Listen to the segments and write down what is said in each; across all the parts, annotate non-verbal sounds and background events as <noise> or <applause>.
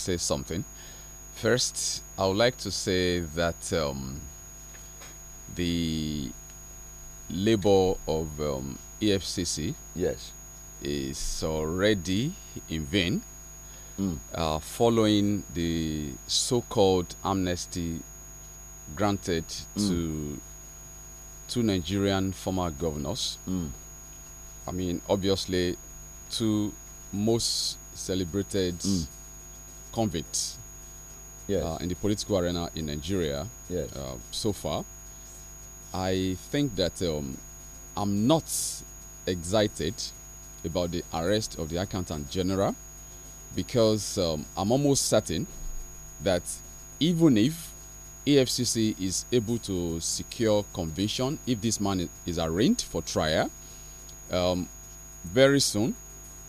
say something. First, I would like to say that um, the labor of um, EFCC yes. is already in vain mm. uh, following the so called amnesty granted mm. to two Nigerian former governors. Mm. I mean, obviously, two most celebrated mm convicts yes. uh, in the political arena in Nigeria yes. uh, so far. I think that um, I'm not excited about the arrest of the accountant general because um, I'm almost certain that even if AFCC is able to secure conviction, if this man is arraigned for trial, um, very soon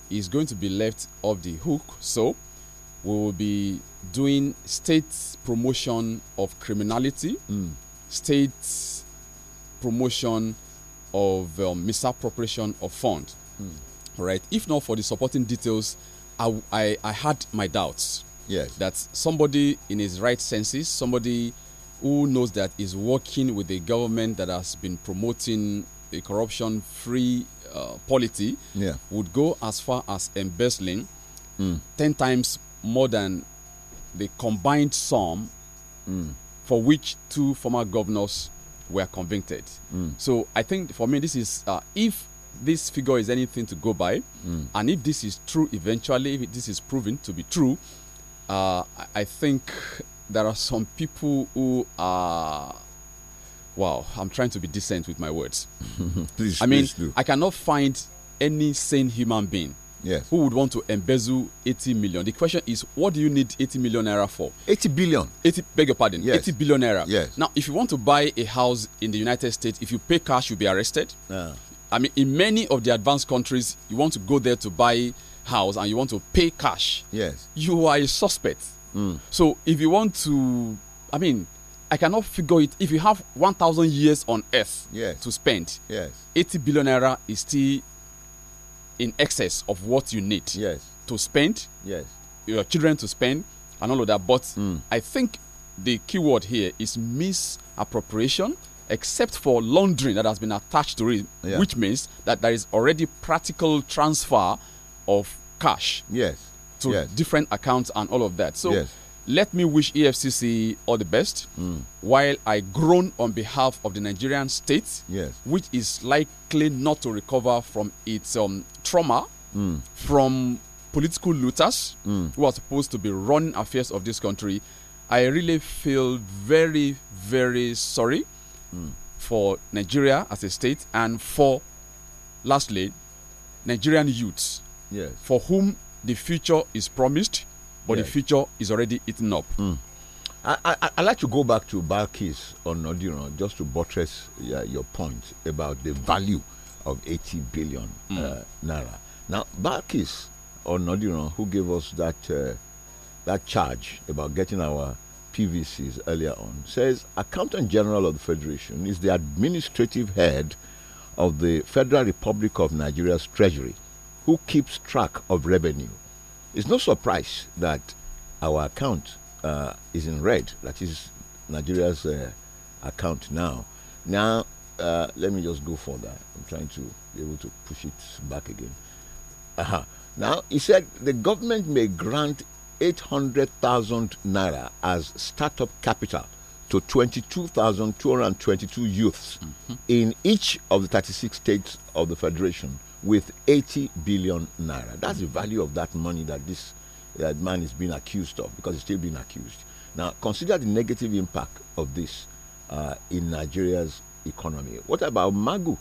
he's going to be left off the hook. So we will be doing state promotion of criminality, mm. state promotion of um, misappropriation of fund. Mm. Right? If not for the supporting details, I, I, I had my doubts. Yes. That somebody in his right senses, somebody who knows that is working with a government that has been promoting a corruption free uh, polity, yeah. would go as far as embezzling mm. 10 times more than the combined sum mm. for which two former governors were convicted. Mm. So I think for me, this is uh, if this figure is anything to go by, mm. and if this is true eventually, if this is proven to be true, uh, I think there are some people who are. Wow, I'm trying to be decent with my words. <laughs> please, I mean, please I cannot find any sane human being yes. who would want to embezzle 80 million. The question is, what do you need 80 million naira for? 80 billion. 80, beg your pardon, yes. 80 billion naira. Yes. Now, if you want to buy a house in the United States, if you pay cash, you'll be arrested. Uh. I mean, in many of the advanced countries, you want to go there to buy house and you want to pay cash. Yes. You are a suspect. Mm. So if you want to, I mean, I cannot figure it. If you have 1,000 years on earth yes. to spend, yes. 80 billion naira is still in excess of what you need yes. to spend, yes. your children to spend, and all of that. But mm. I think the key word here is misappropriation, except for laundering that has been attached to it, yeah. which means that there is already practical transfer of cash yes. to yes. different accounts and all of that. So yes. Let me wish EFCC all the best mm. while I groan on behalf of the Nigerian state, yes. which is likely not to recover from its um, trauma mm. from political looters mm. who are supposed to be running affairs of this country. I really feel very, very sorry hmm. for Nigeria as a state and for, lastly, Nigerian youths yes. for whom the future is promised but yeah. the future is already eaten up. Mm. I, I, I, like to go back to Balkis on Nodiron uh, you know, just to buttress your point about the value of 80 billion mm. uh, naira. Now, Balkis on Nodiron, uh, you know, who gave us that, uh, that charge about getting our PVCs earlier on, says Accountant General of the Federation is the administrative head of the Federal Republic of Nigeria's Treasury who keeps track of revenue it's no surprise that our account uh, is in red. That is Nigeria's uh, account now. Now, uh, let me just go further. I'm trying to be able to push it back again. -huh. Now, he said the government may grant 800,000 naira as startup capital to 22,222 youths mm -hmm. in each of the 36 states of the federation with 80 billion naira. That's the value of that money that this that man is being accused of because he's still being accused. Now, consider the negative impact of this uh, in Nigeria's economy. What about Magu,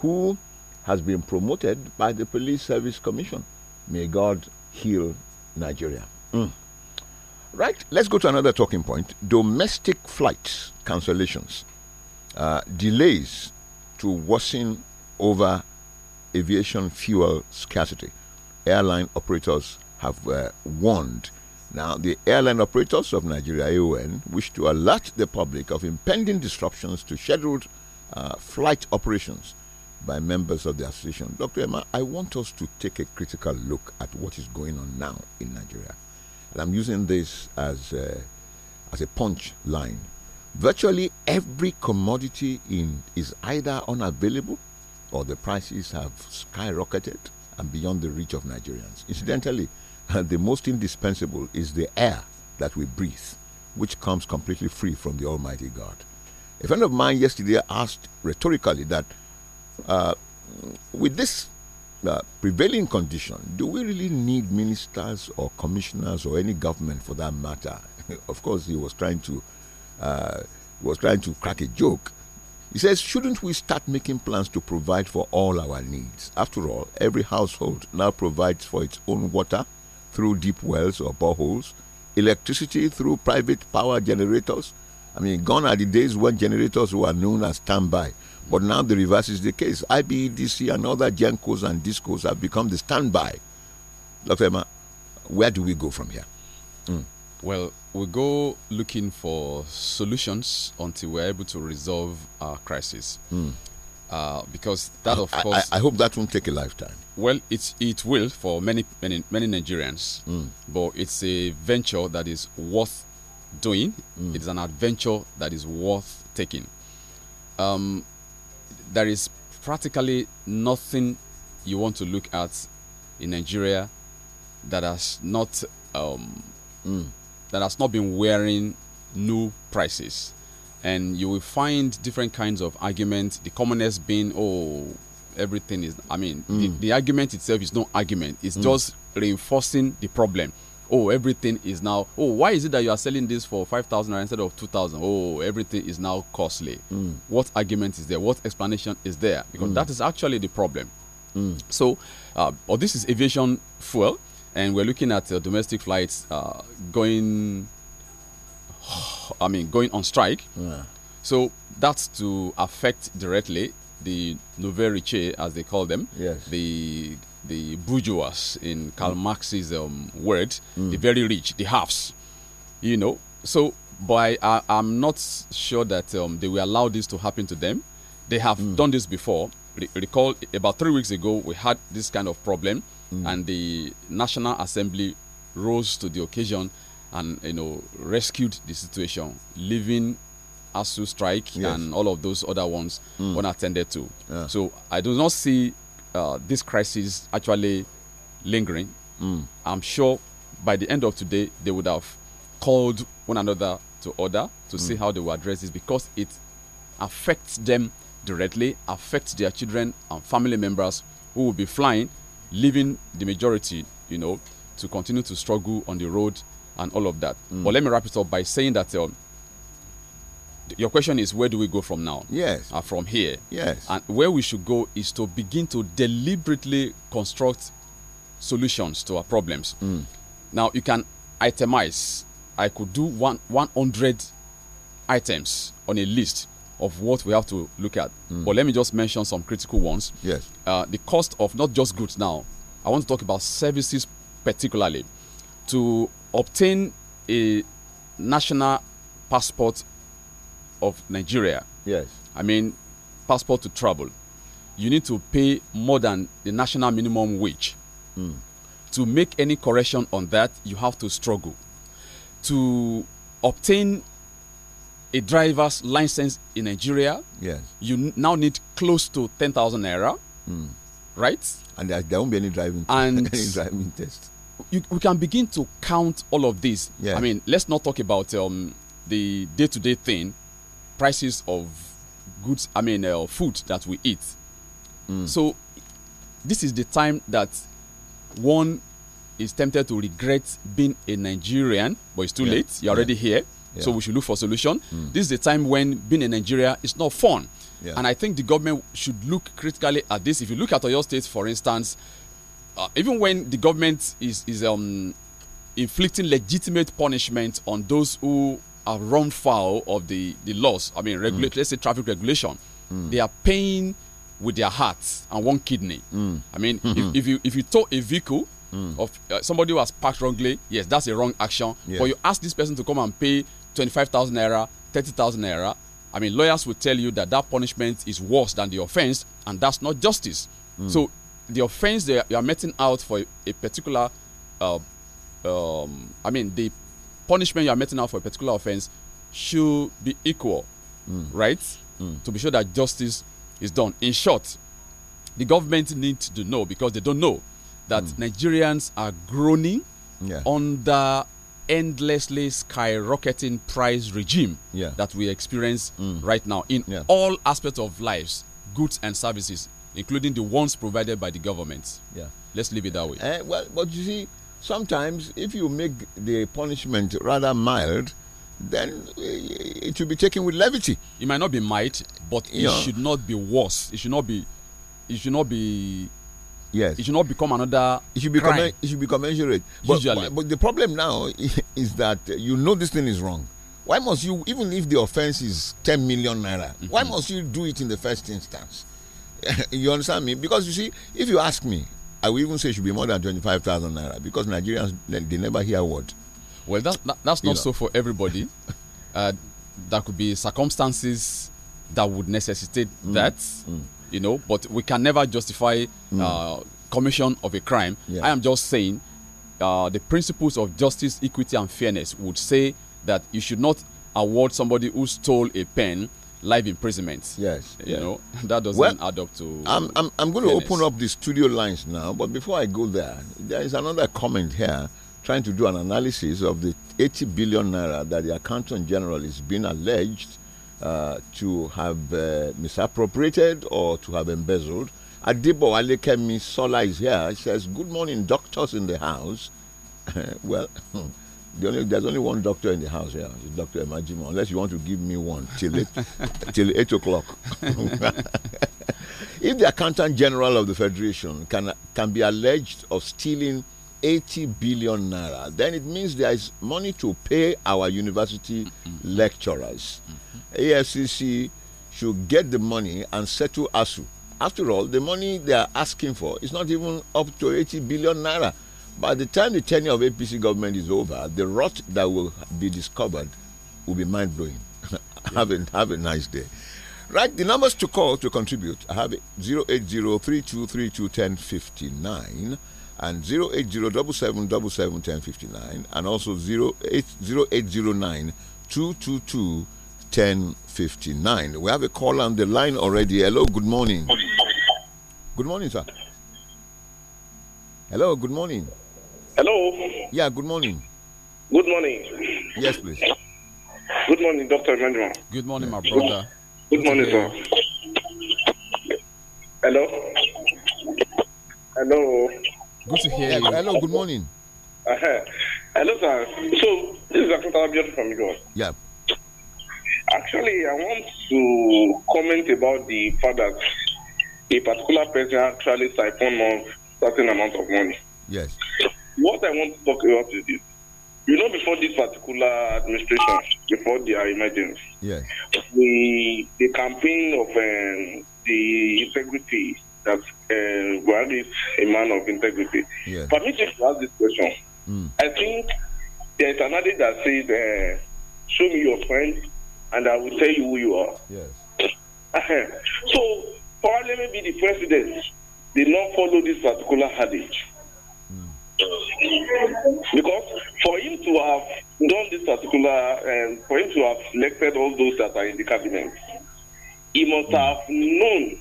who has been promoted by the Police Service Commission? May God heal Nigeria. Mm. Right, let's go to another talking point domestic flights cancellations, uh, delays to worsen over aviation fuel scarcity. Airline operators have uh, warned. Now, the airline operators of Nigeria (AON) wish to alert the public of impending disruptions to scheduled uh, flight operations by members of the association. Dr. Emma, I want us to take a critical look at what is going on now in Nigeria, and I'm using this as a, as a punch line. Virtually every commodity in is either unavailable or the prices have skyrocketed and beyond the reach of Nigerians. Incidentally, <laughs> the most indispensable is the air that we breathe, which comes completely free from the Almighty God. A friend of mine yesterday asked rhetorically that uh, with this uh, prevailing condition, do we really need ministers or commissioners or any government for that matter? <laughs> of course, he was trying to uh, was trying to crack a joke, he says, shouldn't we start making plans to provide for all our needs? After all, every household now provides for its own water through deep wells or boreholes, electricity through private power generators. I mean, gone are the days when generators were known as standby. But now the reverse is the case. IBEDC and other GENCOs and DISCOs have become the standby. Dr. Emma, where do we go from here? Mm. Well, we go looking for solutions until we're able to resolve our crisis. Mm. Uh, because that, of course, I, I, hope that won't take a lifetime. Well, it it will for many many many Nigerians, mm. but it's a venture that is worth doing. Mm. It's an adventure that is worth taking. Um, there is practically nothing you want to look at in Nigeria that has not um, hmm that has not been wearing new prices. And you will find different kinds of arguments, the commonest being, oh, everything is, I mean, mm. the, the, argument itself is no argument, it's mm. just reinforcing the problem. Oh, everything is now, oh, why is it that you are selling this for 5,000 instead of 2,000? Oh, everything is now costly. Mm. What argument is there? What explanation is there? Because mm. that is actually the problem. Mm. So, uh, or oh, this is aviation fuel and we're looking at uh, domestic flights uh, going. <sighs> I mean, going on strike. Yeah. So that's to affect directly the nouveau riche, as they call them, yes. the the bourgeois in Karl mm. Marx's um, word, mm. the very rich, the halves. You know, so by I, am not sure that um, they will allow this to happen to them. They have mm. done this before. Re recall about three weeks ago, we had this kind of problem mm. and the National Assembly rose to the occasion and you know rescued the situation, leaving ASU strike yes. and all of those other ones mm. unattended to. Yeah. So I do not see uh, this crisis actually lingering. Mm. I'm sure by the end of today they would have called one another to order to mm. see how they will address this because it affects them directly, affects their children and family members who will be flying leaving the majority, you know, to continue to struggle on the road and all of that. Mm. But let me wrap it up by saying that um, your question is where do we go from now? Yes. Uh, from here. Yes. And where we should go is to begin to deliberately construct solutions to our problems. Mm. Now you can itemize. I could do one 100 items on a list of what we have to look at. Mm. But let me just mention some critical ones. Yes. Uh, the cost of not just goods now. I want to talk about services particularly. To obtain a national passport of Nigeria. Yes. I mean, passport to travel. You need to pay more than the national minimum wage. Mm. To make any correction on that, you have to struggle. To obtain a driver's license in Nigeria, yes, you now need close to ten thousand naira, mm. right? And there, there, won't be any driving and <laughs> any driving test. You, we can begin to count all of this. Yes. I mean, let's not talk about um, the day-to-day -day thing, prices of goods. I mean, uh, food that we eat. Mm. So, this is the time that one is tempted to regret being a Nigerian, but it's too yeah. late. You're yeah. already here yeah. So we should look for solution. Mm. This is the time when being in Nigeria is not fun. Yeah. And I think the government should look critically at this. If you look at Oyo State, for instance, uh, even when the government is, is um, inflicting legitimate punishment on those who have run foul of the, the laws, I mean, mm. let's say traffic regulation, mm. they are paying with their hearts and one kidney. Mm. I mean, -hmm. if, if, you if you tow a vehicle hmm. of uh, somebody who has parked wrongly, yes, that's a wrong action. Yes. But you ask this person to come and pay 25,000 naira, 30,000 naira. I mean, lawyers will tell you that that punishment is worse than the offense, and that's not justice. Mm. So, the offense they are, you are meting out for a, particular, uh, um, I mean, the punishment you are meting out for a particular offense should be equal, mm. right? Mm. To be sure that justice is done. In short, the government needs to know because they don't know that hmm. Nigerians are groaning yeah. under endlessly skyrocketing price regime yeah. that we experience mm. right now in yeah. all aspects of lives, goods and services, including the ones provided by the government. Yeah. Let's leave it that way. Uh, well, but you see, sometimes if you make the punishment rather mild, then it will be taken with levity. It might not be might, but it should not be worse. It should not be. It should not be Yes. It should not become another. It should be crime. it should be commensurate. But, Usually. but the problem now <laughs> is that uh, you know this thing is wrong. Why must you even if the offense is 10 million naira? Mm -hmm. Why mm-hmm. must you do it in the first instance? <laughs> you understand me? Because you see, if you ask me, I will even say it should be more than 25,000 naira because Nigerians they never hear a word. Well, that, that that's not you so for everybody. <laughs> uh, there could be circumstances that would necessitate mm. that. Mm you know, but we can never justify mm. uh, commission of a crime. Yeah. I am just saying uh, the principles of justice, equity, and fairness would say that you should not award somebody who stole a pen life imprisonment. Yes. You know, <laughs> that doesn't well, add up to. I'm, I'm, I'm going to open up the studio lines now, but before I go there, there is another comment here trying to do an analysis of the 80 billion naira that the accountant general is being alleged uh, to have uh, misappropriated or to have embezzled. Adibo Alekemi Sola is here. He says, Good morning, doctors in the house. <laughs> well, <laughs> the only, there's only one doctor in the house here, Dr. Emajimo, unless you want to give me one till eight, <laughs> till 8 o'clock. if the accountant general of the federation can, can be alleged of stealing 80 billion naira. Then it means there is money to pay our university mm -hmm. lecturers. Mm -hmm. AFCC should get the money and settle ASU. After all, the money they are asking for is not even up to 80 billion naira. By the time the tenure of APC government is over, the rot that will be discovered will be mind blowing. <laughs> have, a, have a nice day. Right, the numbers to call to contribute I have 080 3232 1059 and 08077771059 and also 08009 We have a call on the line already. Hello, good morning. Good morning, sir. Hello, good morning. Hello. Yeah, good morning. Good morning. Yes, please. Good morning, Dr. Emmanuel. Good morning, my brother. Good morning, sir. Hello. Hello. Good to hear you. Hello, good morning. Uh -huh. Hello, sir. So, this is Dr. Abiodun from Lagos. Yeah. Actually, I want to comment about the fact that a particular person actually siphoned off certain amount of money. Yes. What I want to talk about is this. You know, before this particular administration, before their emergence, yes. the, the campaign of um, the integrity that uh, Buhari is a man of integrity. Yes. But me to ask this question. Mm. I think there's another that says, uh, "Show me your friend, and I will tell you who you are." Yes. Uh-huh. so Parliament be the president did not follow this particular adage. Hmm. Because for him to have done this particular, um, for him to have selected all those that are in the cabinet, he must mm. have known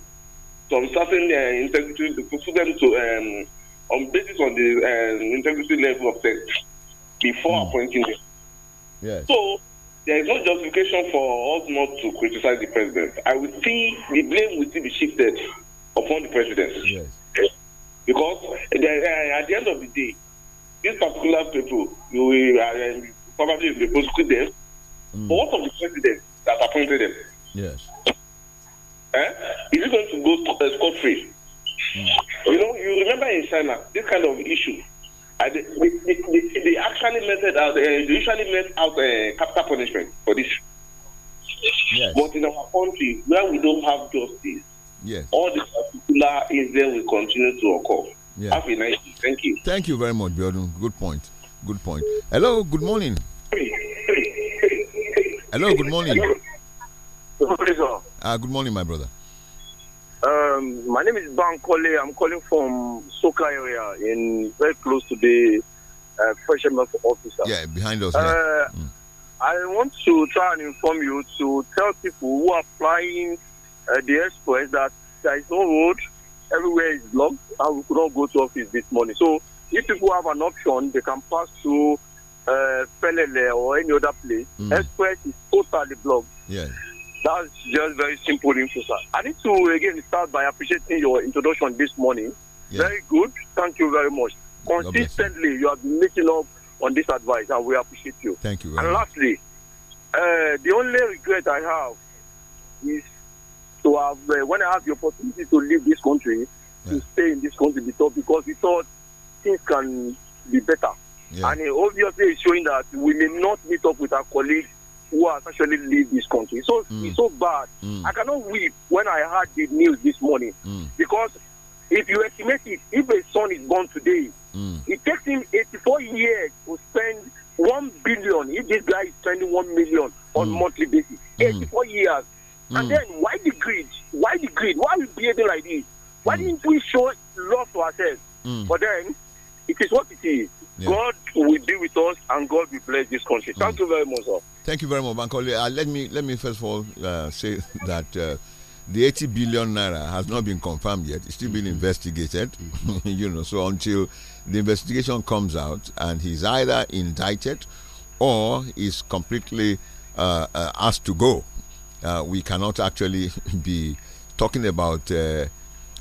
some certain uh, integrity for them to um, on basis on the uh, integrity level of test before mm. appointing them. Yes. So there is no justification for us not to criticize the president. I would see the blame will still be shifted upon the president. Yes. Because uh, uh at the end of the day, these particular people, you will uh, um, probably prosecute them. Mm. But what of the president that appointed them? Yes. Eh? Is it going to go uh, a free? Mm. You know, you remember in China, this kind of issue. Uh, they, they, they, they, actually meted out, uh, they usually met out uh, capital punishment for this. Yes. But in our country, where we don't have justice, yes. all this particular incident will continue to occur. Have a nice day. Thank you. Thank you very much, Björn. Good point. Good point. Hello, good morning. Hello, good morning. Hello. Uh, good morning, my brother. Um, my name is Bankole. I'm calling from Soka area, in very close to the uh, fisherman's officer. Yeah, behind us. Uh, yeah. Hmm. I want to try and inform you to tell people who are flying uh, the express that there is no road, everywhere is blocked, and we could not go to office this morning. So if people have an option, they can pass through uh, Pelele or any other place. Mm. Express is totally blocked. Yeah. That's just very simple info, sir. I need to again start by appreciating your introduction this morning. Yeah. Very good. Thank you very much. Consistently, you. have been making up on this advice, and we appreciate you. Thank you. and lastly, uh, the only regret I have is to have uh, when I have the opportunity to leave this country yeah. to stay in this country because we thought things can be better. Yeah. And it obviously, it's showing that we may not meet up with our colleagues who has actually leave this country. So mm. it's so bad. Mm. I cannot weep when I heard the news this morning mm. because if you estimate it, if a son is born today, mm. it takes him 84 years to spend one billion. If this guy is spending one million on mm. monthly basis, mm. 84 years. And then why the greed? Why the greed? Why are we behaving like this? Why didn't we show love to ourselves? But then it is what it is. Yeah. God will be with us and God will bless this country. Thank you very much, sir. Thank you very much, Bankole. Uh, let me let me first of all uh, say that uh, the 80 billion naira has not been confirmed yet. It's still being mm-hmm. investigated. Mm-hmm. <laughs> you know, so until the investigation comes out and he's either indicted or is completely uh, uh, asked to go, uh, we cannot actually <laughs> be talking about uh,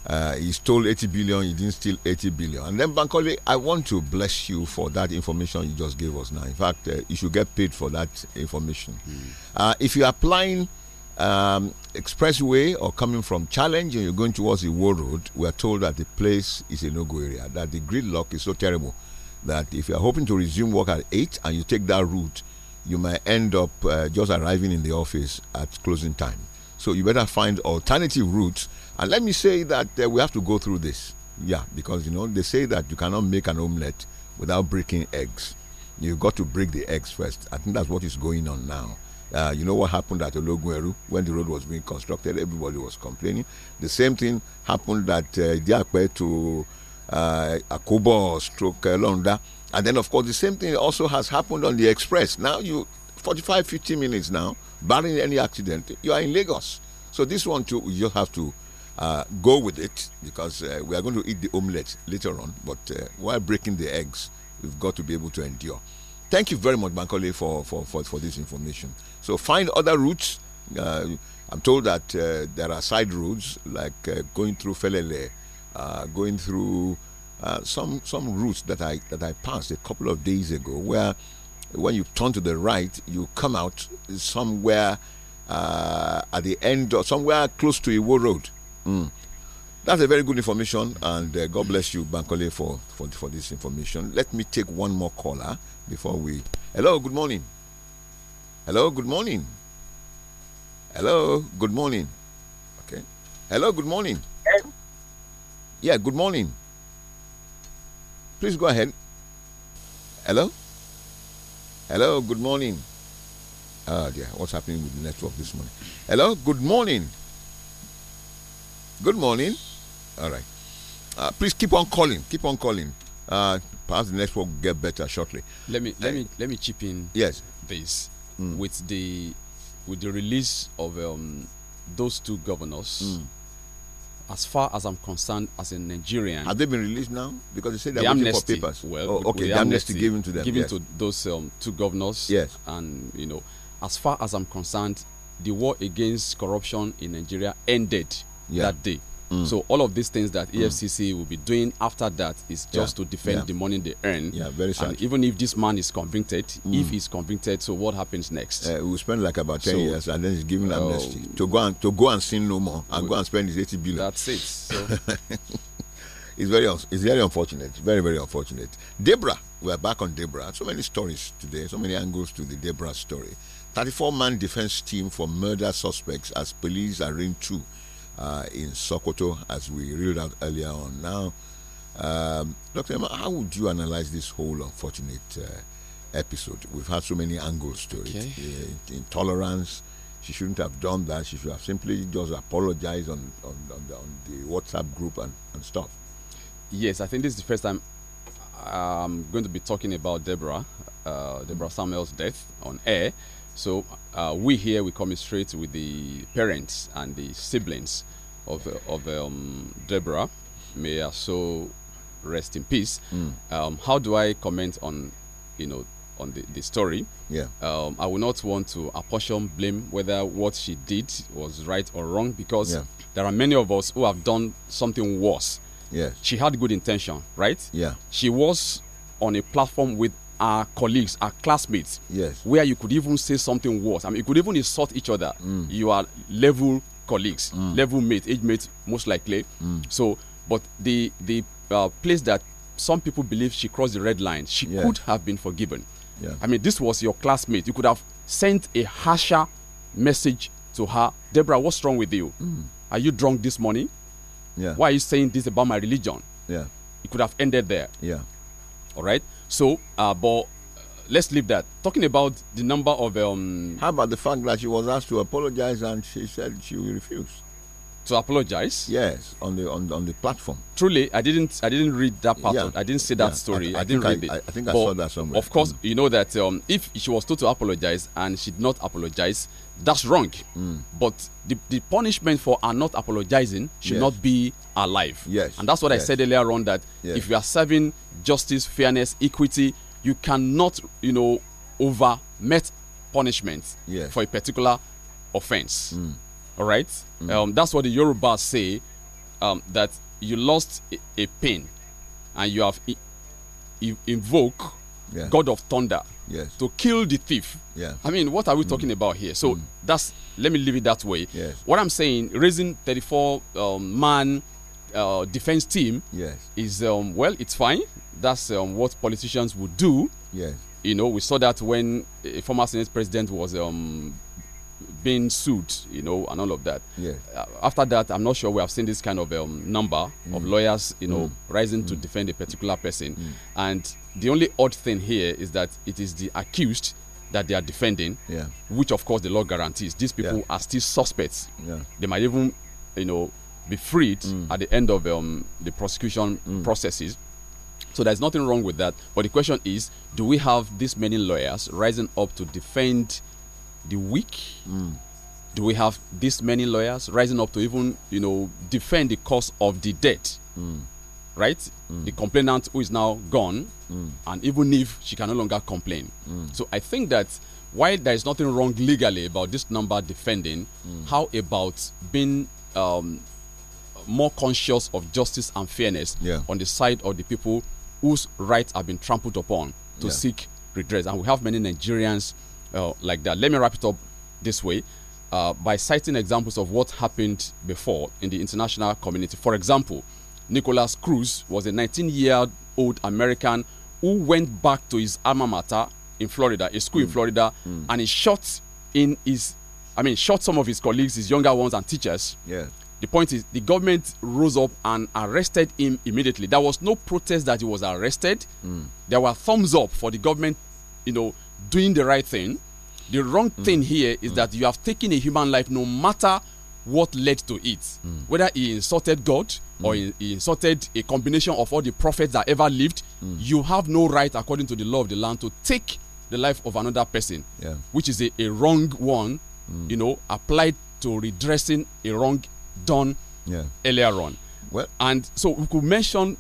uh, he stole 80 billion, he didn't steal 80 billion. And then Bankole, I want to bless you for that information you just gave us now. In fact, uh, you should get paid for that information. Mm. Uh, if you're applying um, expressway or coming from challenge and you're going towards the world road, we are told that the place is a no-go area, that the gridlock is so terrible that if you're hoping to resume work at 8 and you take that route, you might end up uh, just arriving in the office at closing time. So you better find alternative routes. And let me say that uh, we have to go through this. Yeah, because you know they say that you cannot make an omelette without breaking eggs. You've got to break the eggs first. I think that's what is going on now. Uh, you know what happened at Ologuneru when the road was being constructed? Everybody was complaining. The same thing happened at uh, to uh, Akobo stroke uh, Londa. And then, of course, the same thing also has happened on the express. Now you 45, 50 minutes now barring any accident, you are in Lagos. So this one too, we just have to uh, go with it because uh, we are going to eat the omelette later on. But uh, while breaking the eggs, we've got to be able to endure. Thank you very much, Bankole, for, for, for, for this information. So find other routes. Uh, I'm told that uh, there are side roads like uh, going through Felele, going through some some routes that I that I passed a couple of days ago where when you turn to the right, you come out somewhere uh, at the end or somewhere close to Iwo Road. Mm. That's a very good information, and uh, God bless you, Bankole, for, for for this information. Let me take one more caller before we. Hello, good morning. Hello, good morning. Hello, good morning. Okay. Hello, good morning. Yeah, good morning. Please go ahead. Hello. Hello, good morning. Oh ah, dear, what's happening with the network this morning? Hello, good morning. Good morning. All right. Uh, please keep on calling. Keep on calling. Uh, perhaps the network will get better shortly. Let me let uh, me let me chip in. Yes. This mm. with the with the release of um, those two governors. Mm as far as I'm concerned, as a Nigerian. Have they been released now? Because they said they're the waiting amnesty, for papers. Well, oh, okay, the, the amnesty, amnesty given to them. Given yes. to those um, two governors. Yes. And, you know, as far as I'm concerned, the war against corruption in Nigeria ended yeah. that day. Mm. So all of these things that mm. EFCC will be doing after that is just yeah. to defend yeah. the money they earn. Yeah, very sad. And even if this man is convicted, mm. if he's convicted, so what happens next? Uh, we spend like about ten so, years, and then he's given oh. amnesty to go and to go and sin no more, and we, go and spend his eighty billion. That's it. So. <laughs> it's very it's very unfortunate, very very unfortunate. Debra, we are back on Debra. So many stories today, so many angles to the Debra story. 34 man defense team for murder suspects as police in two uh, in Sokoto, as we read out earlier on. Now, um, Dr. Emma, how would you analyze this whole unfortunate uh, episode? We've had so many angles to okay. it. Uh, intolerance. She shouldn't have done that. She should have simply just apologized on, on, on, the, on the, WhatsApp group and, and stuff. Yes, I think this is the first time I'm going to be talking about Deborah, uh, Deborah Samuel's death on air. So uh, we here we commiserate with the parents and the siblings of uh, of um, Deborah. May her soul rest in peace. Mm. Um, how do I comment on you know on the, the story? Yeah. Um, I will not want to apportion blame whether what she did was right or wrong because yeah. there are many of us who have done something worse. Yeah. She had good intention, right? Yeah. She was on a platform with our colleagues, our classmates. Yes. Where you could even say something worse. I mean, you could even insult each other. Mm. You are level colleagues, mm. level mates, age mates, most likely. Mm. So, but the the uh, place that some people believe she crossed the red line, she could have been forgiven. Yeah. I mean, this was your classmate. You could have sent a harsher message to her. Deborah, what's wrong with you? Mm. Are you drunk this morning? Yeah. Why are you saying this about my religion? Yeah. It could have ended there. Yeah. All right. So, uh, but uh, let's leave that. Talking about the number of. Um, How about the fact that she was asked to apologize and she said she refused? to apologize. Yes, on the on, on the platform. Truly, I didn't I didn't read that part. Yeah. Of, I didn't see that yeah. story. I, I, I didn't read I, it. I, think I saw that somewhere. Of course, mm. you know that um, if she was told to apologize and she did not apologize, that's wrong. Mm. But the, the punishment for her not apologizing should yes. not be alive. Yes, and that's what yes. I said earlier on. That yes. if you are serving justice, fairness, equity, you cannot you know over met punishment for a particular offense. Mm all right? Mm. Um, that's what the Yoruba say um, that you lost a, a pain and you have invoke yeah. God of thunder yes. to kill the thief. Yeah. I mean, what are we mm. talking mm. about here? So mm. that's let me leave it that way. Yes. What I'm saying, raising 34 um, man uh, defense team yes. is um, well, it's fine. That's um, what politicians would do. Yes. You know, we saw that when a former Senate president was um, being sued, you know, and all of that. Yeah. Uh, after that, I'm not sure we have seen this kind of um, number mm. of lawyers, you know, mm. rising to mm. defend a particular person. Mm. And the only odd thing here is that it is the accused that they are defending, yeah. which of course the law guarantees. These people yeah. are still suspects. Yeah. They might even, you know, be freed mm. at the end of um, the prosecution mm. processes. So there's nothing wrong with that. But the question is, do we have this many lawyers rising up to defend the weak? Mm. Do we have this many lawyers rising up to even, you know, defend the cause of the dead? Mm. Right? Hmm. The complainant who is now gone, hmm. and even if she can no longer complain. Hmm. So I think that while there is nothing wrong legally about this number defending, how about being um, more conscious of justice and fairness yeah. on the side of the people whose rights have been trampled upon to yeah. seek redress. And we have many Nigerians uh, like that. Let me wrap it up this way uh, by citing examples of what happened before in the international community. For example, Nicholas Cruz was a 19 year old American who went back to his alma mater in Florida, a school mm. in hmm. Florida, mm. and he shot in his, I mean, shot some of his colleagues, his younger ones, and teachers. Yeah. The point is, the government rose up and arrested him immediately. There was no protest that he was arrested. Mm. There were thumbs up for the government, you know, doing the right thing. The wrong mm. thing here is mm. that you have taken a human life no matter what led to it. Mm. Whether he insulted God or mm. he, insulted a combination of all the prophets that ever lived, mm. you have no right, according to the law of the land, to take the life of another person, yeah. which is a, a wrong one, mm. you know, applied to redressing a wrong done yeah. earlier on. Well, and so we could mention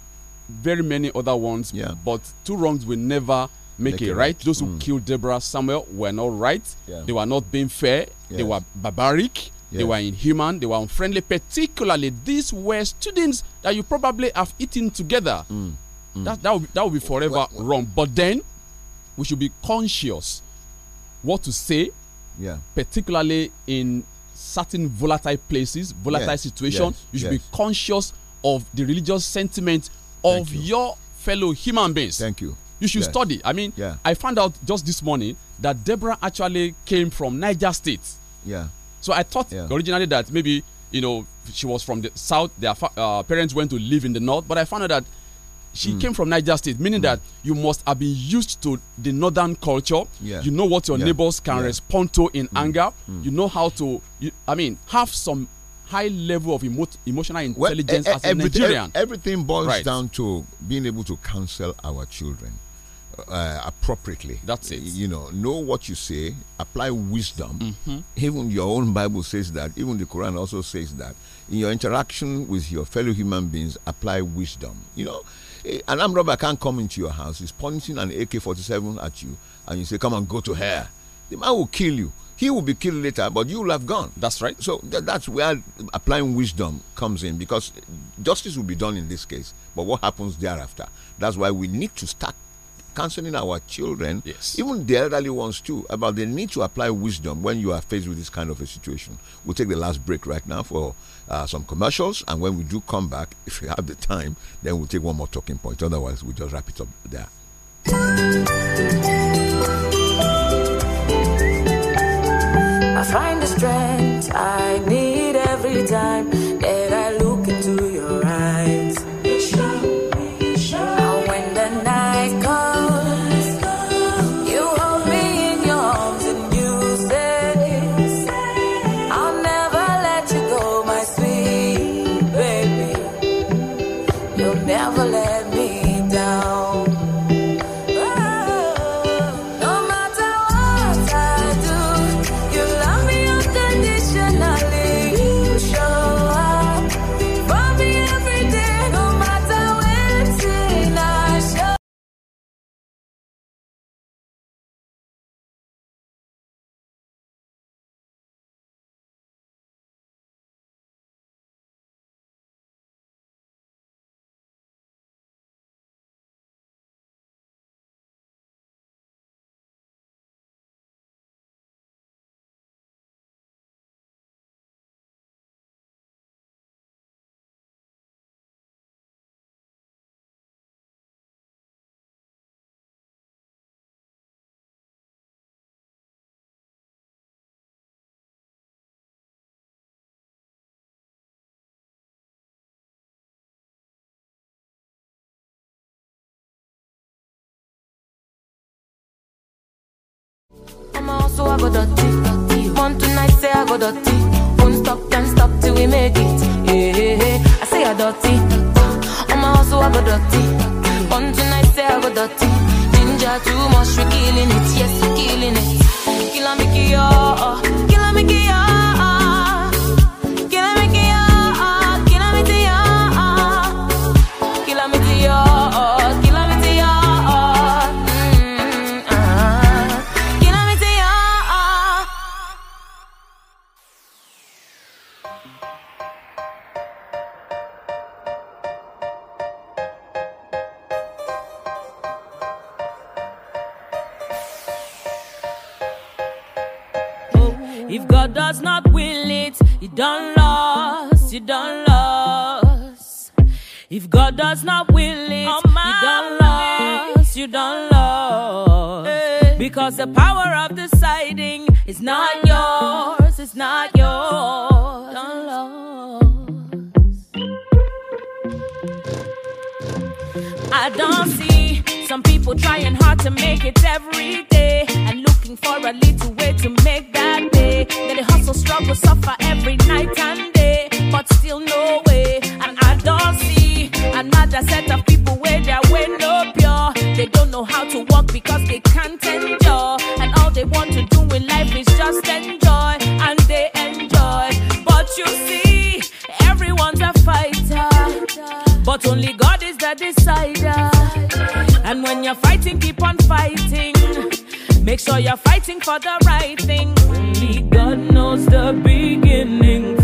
very many other ones, yeah. but two wrongs will never make, it, right. Those mm. who killed Deborah Samuel were not right. Yeah. They were not being fair. Yes. They were barbaric. Yes. They were inhuman. They were unfriendly. Particularly, these were students that you probably have eaten together. Mm. Mm. That that would, that would be forever what, what? wrong. But then, we should be conscious what to say. Yeah. Particularly in certain volatile places, volatile yes. situation, you should be conscious of the religious sentiment of you. your fellow human beings. Thank you. You should yes. study. I mean, yeah. I found out just this morning that Deborah actually came from Niger State. Yeah. So I thought yeah. originally that maybe you know she was from the south. Their uh, parents went to live in the north, but I found out that she mm. came from Niger State, meaning mm. that you must have been used to the northern culture. Yeah. You know what your yeah. neighbors can yeah. respond to in mm. anger. Hmm. You know how to, you, I mean, have some high level of emo emotional intelligence well, as a everything, Nigerian. Everything boils right. down to being able to counsel our children uh, appropriately. That's it. You know, know what you say, apply wisdom. Mm -hmm. Even your own Bible says that, even the Quran also says that. In your interaction with your fellow human beings, apply wisdom. You know, eh, an armed robber can't come into your house, he's pointing an AK 47 at you, and you say, Come and go to her. The man will kill you. He will be killed later, but you will have gone. That's right. So th that's where applying wisdom comes in because justice will be done in this case, but what happens thereafter? That's why we need to start counseling our children, yes. even the elderly ones too, about the need to apply wisdom when you are faced with this kind of a situation. We'll take the last break right now for uh, some commercials, and when we do come back, <laughs> if we have the time, then we'll take one more talking point. Otherwise, we'll just wrap it up there. I find the strength I need every time. so I go dirty. One tonight, say I go dirty. Won't stop, can't stop till we make it. Yeah, I say I dirty. On my hustle, I go dirty. One tonight, say I go dirty. ninja too much, we killing it. Yes, If God does not will it, oh, you don't lose. you don't lose. Hey. Because the power of deciding is not don't yours, it's not yours. Don't lose. I don't see some people trying hard to make it every day and looking for a little way to make that day. Then they hustle, struggle, suffer every night and day but still no way. And I don't see another set of people where their way no pure. They don't know how to walk because they can't enjoy, And all they want to do in life is just enjoy, and they enjoy. But you see, everyone's a fighter, but only God is the decider. And when you're fighting, keep on fighting. Make sure you're fighting for the right thing. Only God knows the beginning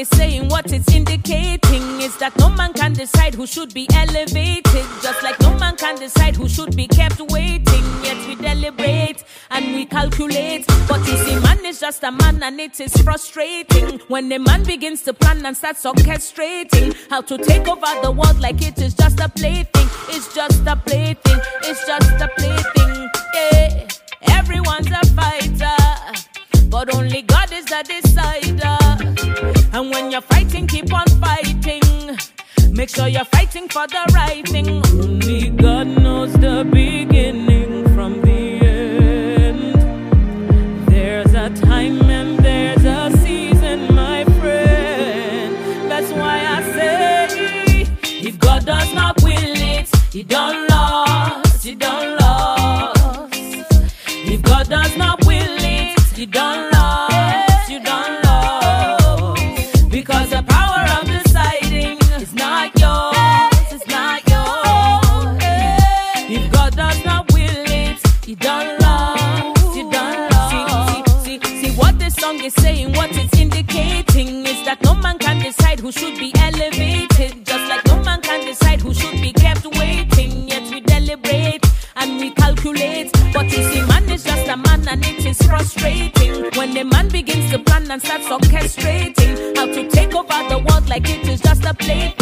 is saying what it's indicating is that no man can decide who should be elevated, just like no man can decide who should be kept waiting. Yet we deliberate and we calculate, but you see, man is just a man, and it is frustrating when a man begins to plan and starts orchestrating how to take over the world like it is just a plaything. It's just a plaything. It's just a plaything. Yeah. Everyone's a fighter, but only God is the decider. And when you're fighting, keep on fighting. Make sure you're fighting for the right thing. Only God knows the beginning from the end. There's a time and there's a season, my friend. That's why I say, if God does not will it, He don't. decide who should be elevated. Just like no man can decide who should be kept waiting. Yet we deliberate and we calculate. But you see, man is just a man and it is frustrating. When a man begins to plan and starts orchestrating how to take over the world like it is just a plaything.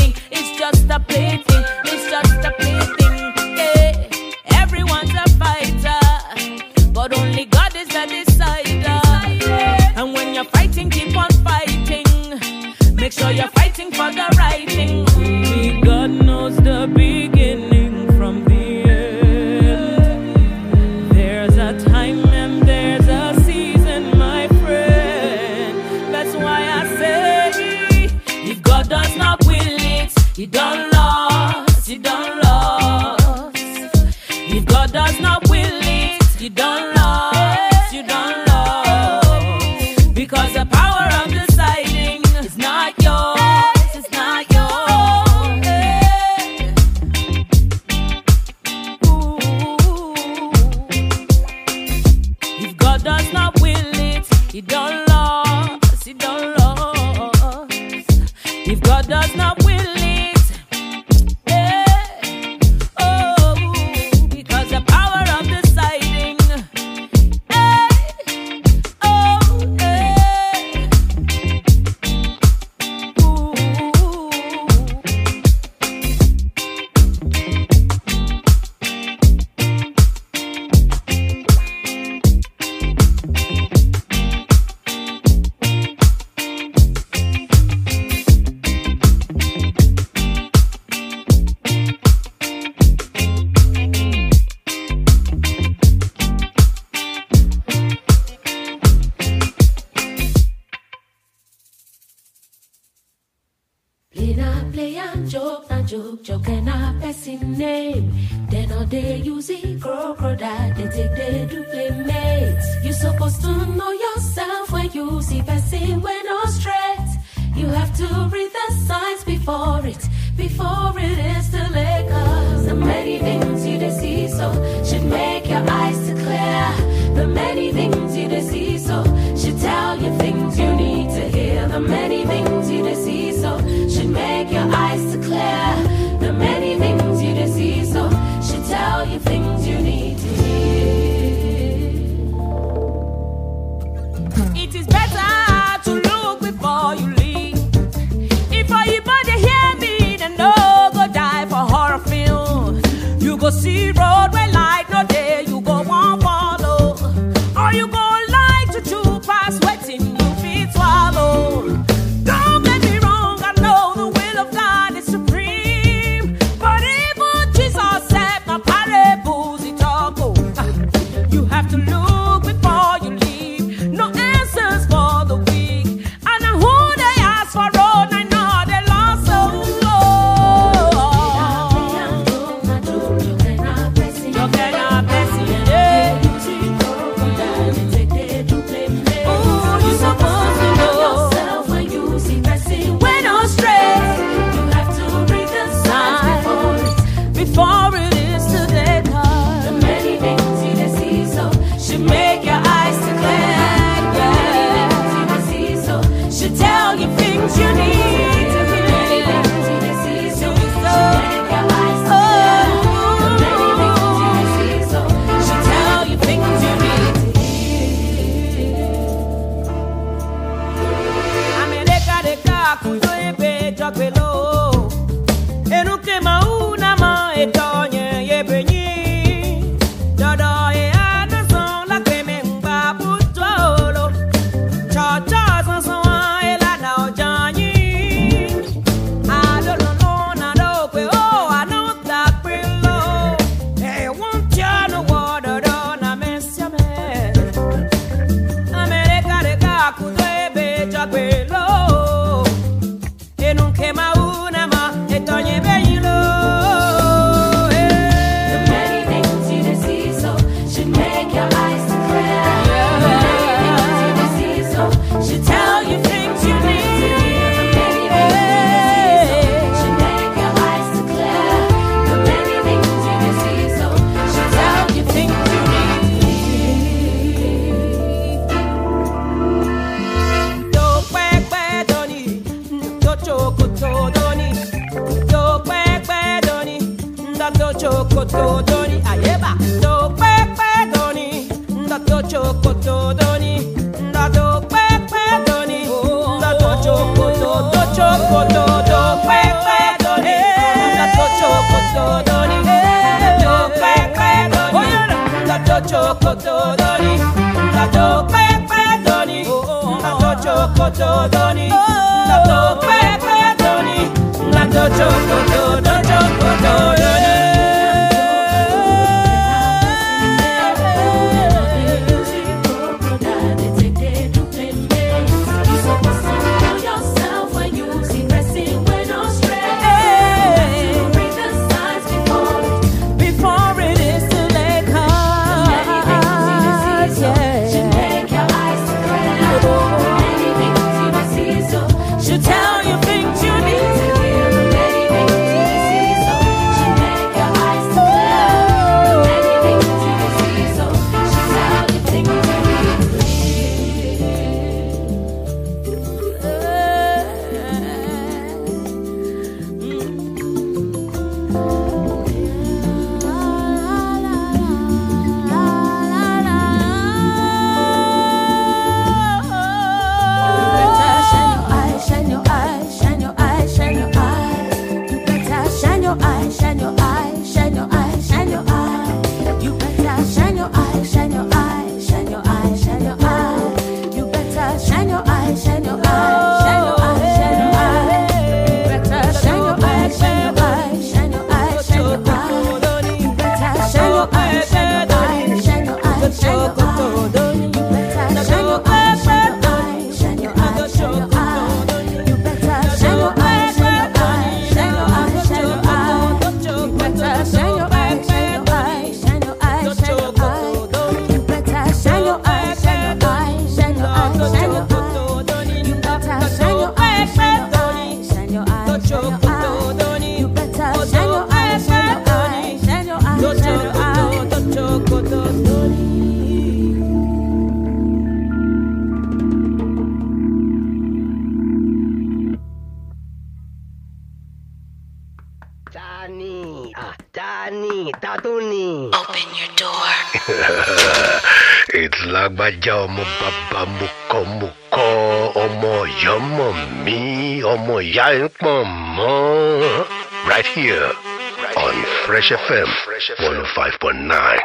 Fresh FM, 105.9.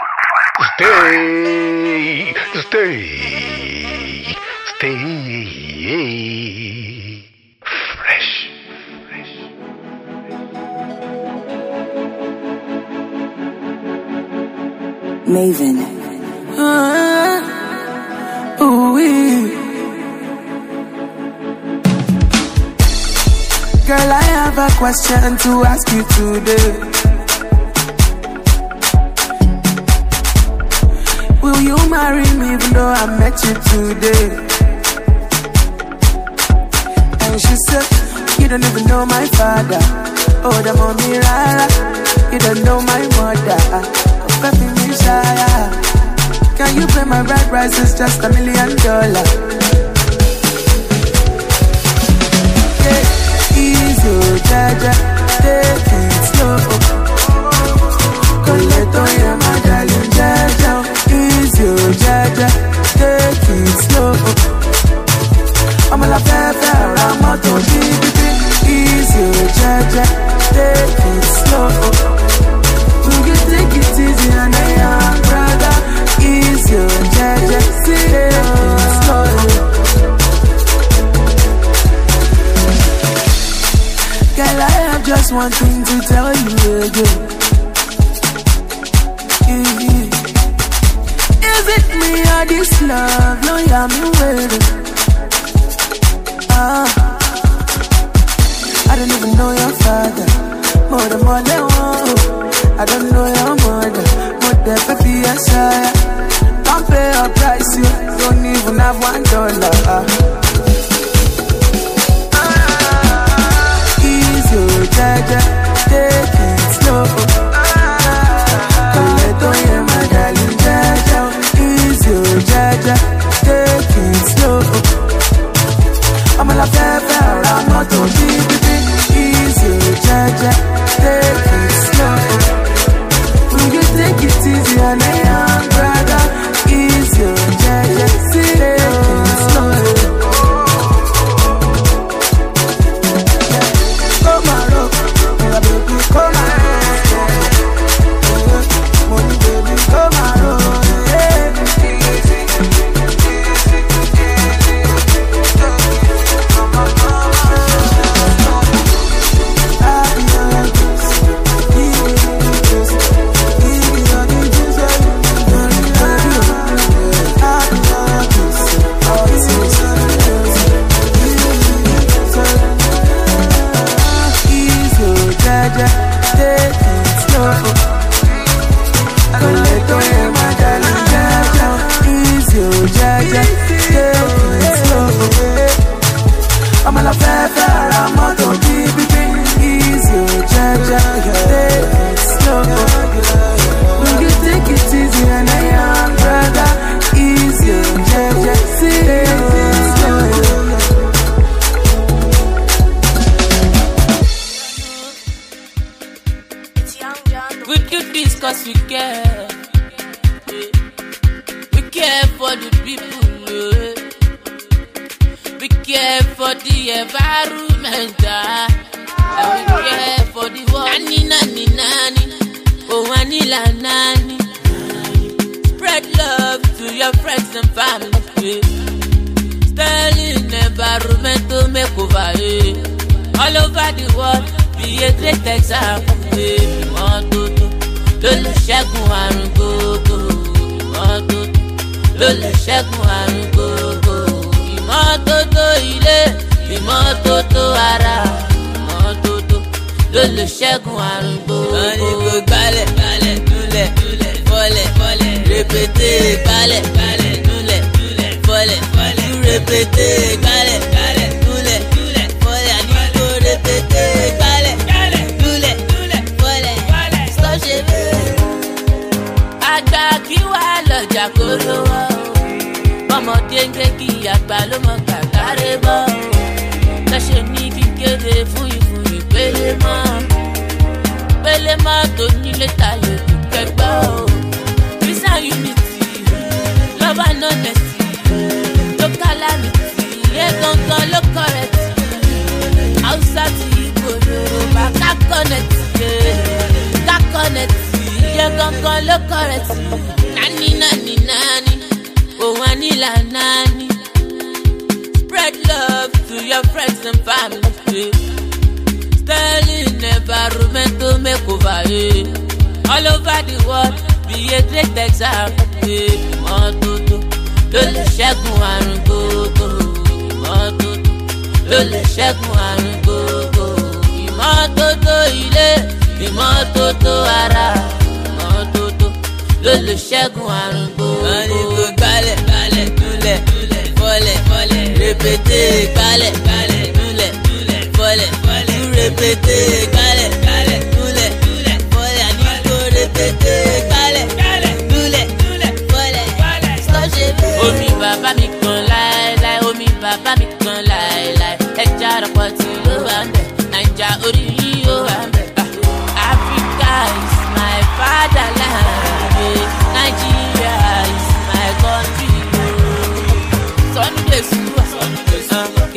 Stay, stay, stay fresh. Maven. Ah, uh-huh. ooh Girl, I have a question to ask you today. met you today. And she said, You don't even know my father. Oh, the mommy, Rara. You don't know my mother. Oh, baby, Mishara. Can you pay my bride price? It's just a million dollars. Yeah, easy, oh, Jaja. Take it slow. Collect on your my darling, Jaja. Easy, oh, Jaja slow. ọmọ la fẹ́ fẹ́ ra mọ́tò dídí easy o take it slow. take it easy and brother easy take it slow. Girl, I have just one thing to tell you again. this love, no, yeah, me waiting. Ah, I don't even know your father, more than more than one. I don't know your mother, more than fifty years higher. Can't pay a price, you don't even have one dollar. Ah. do this cause we care. We care for the people. Eh. We care for the environment. Ah. And we care for the world. Nani, nani, nani. Oh, anila, nani. Spread love to your friends and family. Eh. Sterling environmental makeover. Eh. All over the world, be a great example. Eh lólùṣẹ́gun àrùn gbogbo ìmọ́tótó lólùṣẹ́gun àrùn gbogbo ìmọ́tótó ilé ìmọ́tótó ara ìmọ́tótó lólùṣẹ́gun àrùn gbogbo. ọ̀nì kò gbálẹ̀ gbálẹ̀ dúlẹ̀ dúlẹ̀ fọlẹ̀ fọlẹ̀ rẹpẹtẹ gbálẹ̀ gbálẹ̀ dúlẹ̀ dúlẹ̀ fọlẹ̀ fọlẹ̀ rẹpẹtẹ gbálẹ̀. ìyá kó lówó ọmọdé ń ké kí àgbà ló mọ kàkáré bọ́ lọ́sẹ̀ ní kíkéde fún ìfúnni pélé mọ́ pélé mọ́ tó nílé ta lè kú kẹgbọ́ o visa unity lọ́ba nọ́nẹ̀sì tó kálánì tì yé gangan ló kọ̀rẹ̀ hausa ti ìgbòho bá ká yé ká jẹ́ kankan ló kọ̀rẹ́ tì Nani, nani, nani. òun oh, ànílà nani. Spread love to your friends and family. Sterling environmental makeover. Eh? All over the world be a great example. Ìmọ́tótó ló lè ṣẹ́gun àrùn gbogbo. Ìmọ́tótó ló lè ṣẹ́gun àrùn gbogbo. Ìmọ́tótó ilé ìmọ́tótó ara ló lè ṣẹ́gun àrùn gbogbo. wọ́n ní kó gbálẹ̀ gbálẹ̀ dúlẹ̀ fọlẹ̀ fọlẹ̀ rẹpẹtẹ gbálẹ̀ gbálẹ̀ dúlẹ̀ fọlẹ̀ fọlẹ̀ rẹpẹtẹ gbálẹ̀ gbálẹ̀ dúlẹ̀ fọlẹ̀ àní kó rẹpẹtẹ gbálẹ̀ gbálẹ̀ dúlẹ̀ fọlẹ̀ sọ́ṣẹ́ mi. omi bàbá mi kọ́.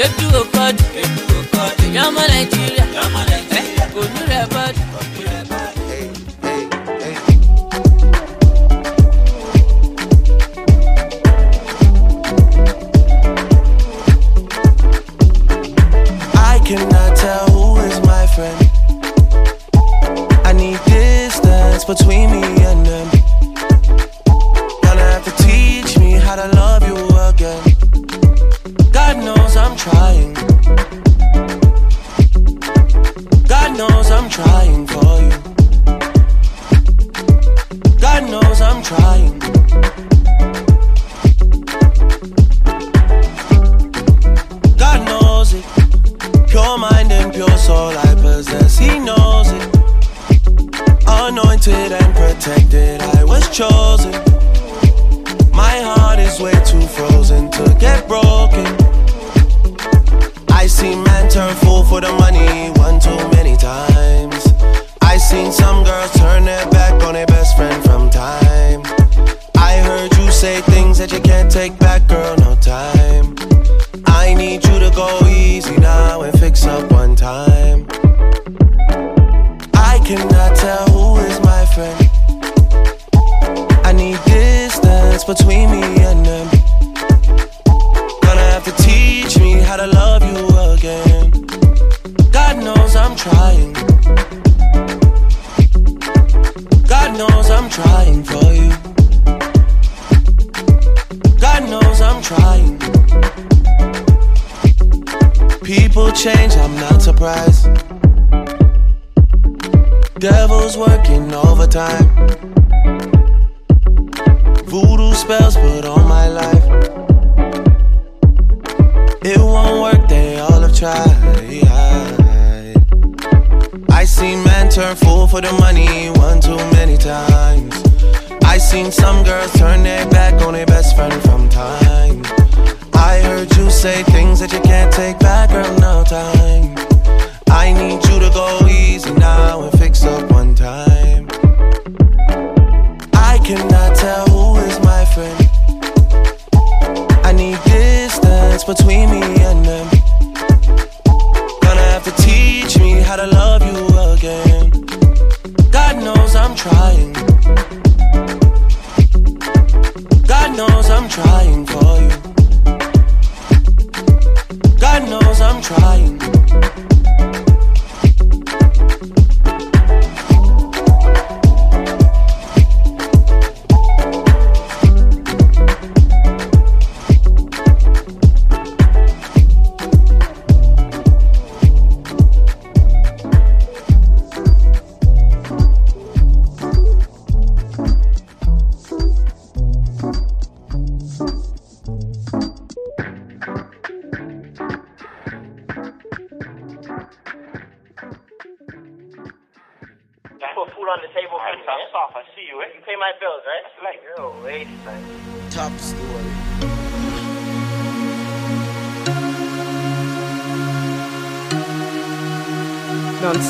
Eduo Kod, Eduo Kod, Yama Nigeria, Yama Nigeria.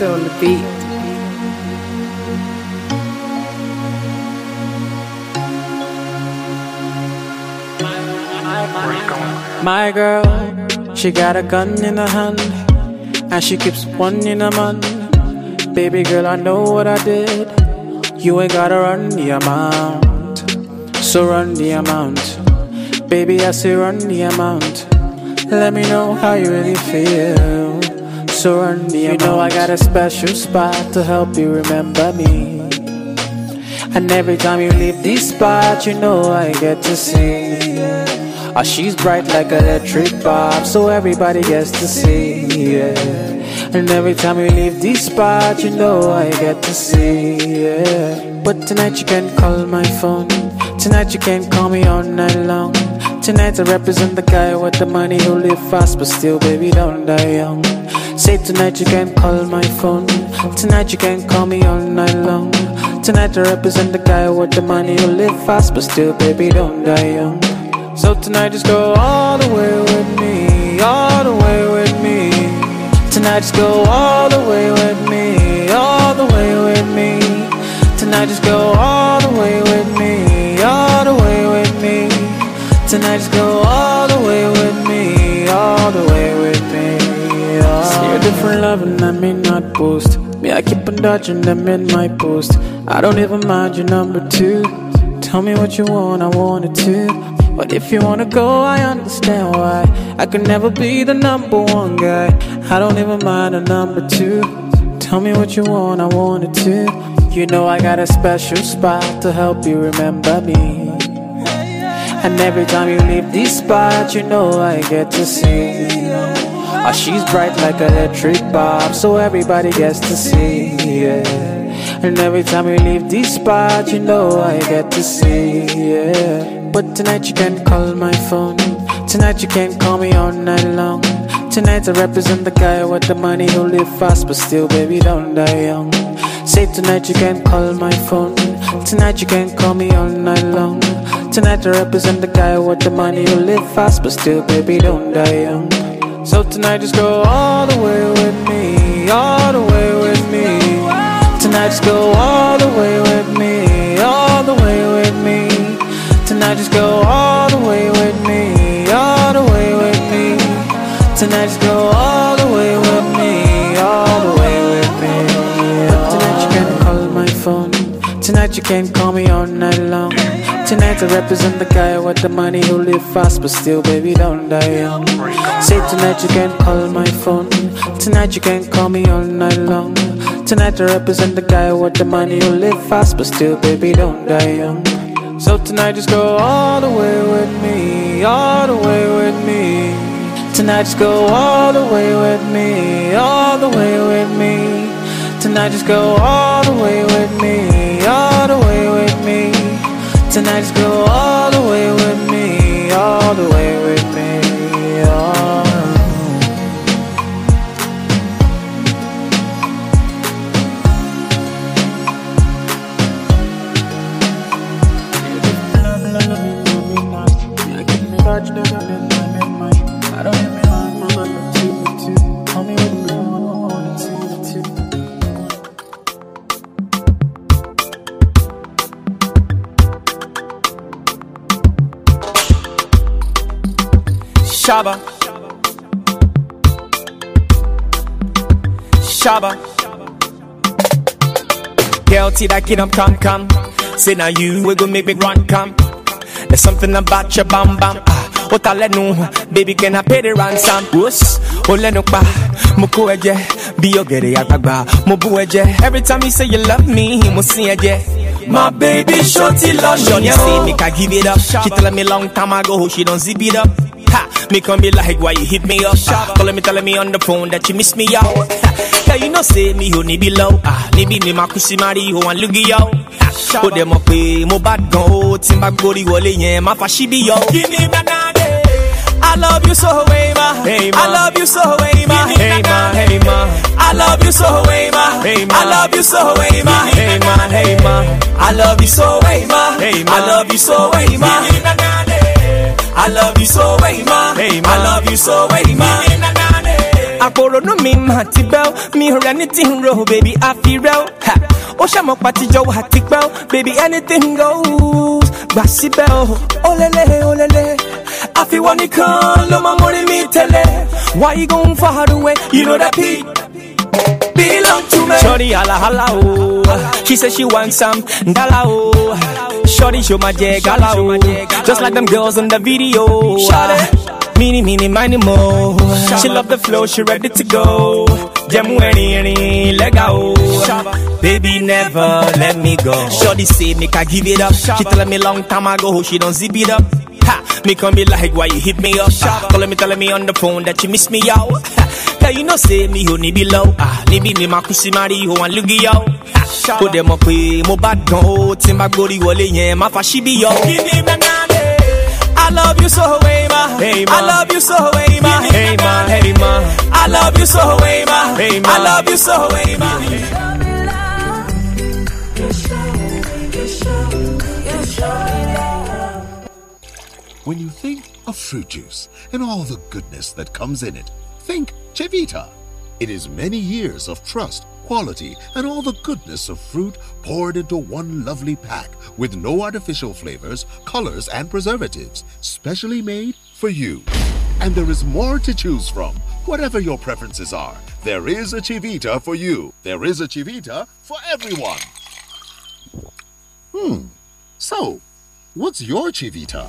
on the beat. My girl, she got a gun in her hand, and she keeps one in her mind. Baby girl, I know what I did. You ain't gotta run the amount, so run the amount. Baby, I say run the amount. Let me know how you really feel me. You know I got a special spot to help you remember me. And every time you leave this spot, you know I get to see. Oh, she's bright like electric bulb, so everybody gets to see. Yeah. And every time you leave this spot, you know I get to see. Yeah. But tonight you can call my phone. Tonight you can call me all night long. Tonight I represent the guy with the money who live fast, but still, baby, don't die young. Say tonight you can call my phone. Tonight you can call me all night long. Tonight I represent the guy with the money who live fast but still, baby, don't die young. So tonight just go all the way with me, all the way with me. Tonight just go all the way with me, all the way with me. Tonight just go all the way with me, all the way with me. Tonight just go all the way with me, all the way. For love and I may not boast. Me, I keep on dodging them in my post. I don't even mind your number two. Tell me what you want, I want it too. But if you wanna go, I understand why. I could never be the number one guy. I don't even mind a number two. Tell me what you want, I want it too. You know I got a special spot to help you remember me. And every time you leave this spot, you know I get to see. Oh, she's bright like an electric bulb, so everybody gets to see. Yeah. And every time we leave this spot, you know I get to see. Yeah. But tonight you can't call my phone. Tonight you can't call me all night long. Tonight I represent the guy with the money who live fast, but still, baby, don't die young. Say tonight you can't call my phone. Tonight you can't call me all night long. Tonight I represent the guy with the money who live fast, but still, baby, don't die young. So tonight just go all the way with me, all the way with me. Tonight just go all the way with me, all the way with me. Tonight just go all the way with me, all the way with me. Tonight just go all the way. Tonight you can't call me all night long. Tonight I represent the guy with the money who live fast but still, baby, don't die young. Say tonight you can't call my phone. Tonight you can't call me all night long. Tonight I represent the guy with the money who live fast but still, baby, don't die young. So tonight just go all the way with me, all the way with me. Tonight just go all the way with me, all the way with me. Tonight just go all the way with me all the way with me. Tonight's go all the way with me, all the way with me. Shaba. Shaba. Guilty that kid, I'm come, come. Say now you, we go make me run, come. There's something about your bam bam. Ah, what I let know, baby, can I pay the ransom? Whoosh, oh, let no pa, moko eje, be your atagba, mobu Every time you say you love me, he must see yeah. My baby shorty love me. Shorty see me, I give it up. She telling me long time ago she don't zip it up. Ha, me come be like, why you hit me up? Shop, calling me, telling me on the phone that you miss me out. yeah, you know, say me you need be below. Ah, níbi ni màá kú sí máa rí ìhò wọn lùgì yọ. Ó dẹ̀ mọ̀ pé mo pe mo bad gan o, tí n bá gbórí wọlé yẹn, má fa be yọ. Give me banana. I love you so way ma. Hey, ma. I love you so way ma. Hey, ma. Hey, ma. I love you so way ma. Hey, ma. I love you so way ma. Hey, ma. Hey, ma. I love you so way ma. Hey, ma. I love you so way ma. I love you so way, eh, ma. Hey, ma. I love you so way, eh, ma. Eh. Àpòrònú mi mà ti bẹ́ẹ̀, mi ò anything, ní ro, baby, I feel real. Ó ṣàmọ̀ pàtijọ́ wà ti bow. baby, anything goes. Gbà síbẹ̀ o, olele, olele. Àfiwọ́ nìkan ló ma mórí mi tẹ́lẹ̀. Why you going far away? You know that pee. Belong to me. Sorry, hala o. Oh. She says she wants some, dala o. Oh. Shorty, show my jagala, Just like them girls in the video. Shorty, meeny, meeny, miny, mo. She love the flow, she ready to go. Jemu, any, any, legal. Baby, never let me go. Shorty say, make I give it up. She telling me long time ago, she don't zip it up. Ha, me come be like, why you hit me up? Calling me, telling me on the phone that you miss me out you know say Ó ah, mo oh, gorí yọ. Give me my I love you so, ma. Oh, hey, ma. I love you so, oh, ma. Hey ma, hey ma. I love you so, ma. Hey, ma. I love you so, ma. When you think of fruit juice and all the goodness that comes in it, Think Chivita. It is many years of trust, quality, and all the goodness of fruit poured into one lovely pack with no artificial flavors, colors, and preservatives, specially made for you. And there is more to choose from. Whatever your preferences are, there is a Chivita for you. There is a Chivita for everyone. Hmm. So, what's your Chivita?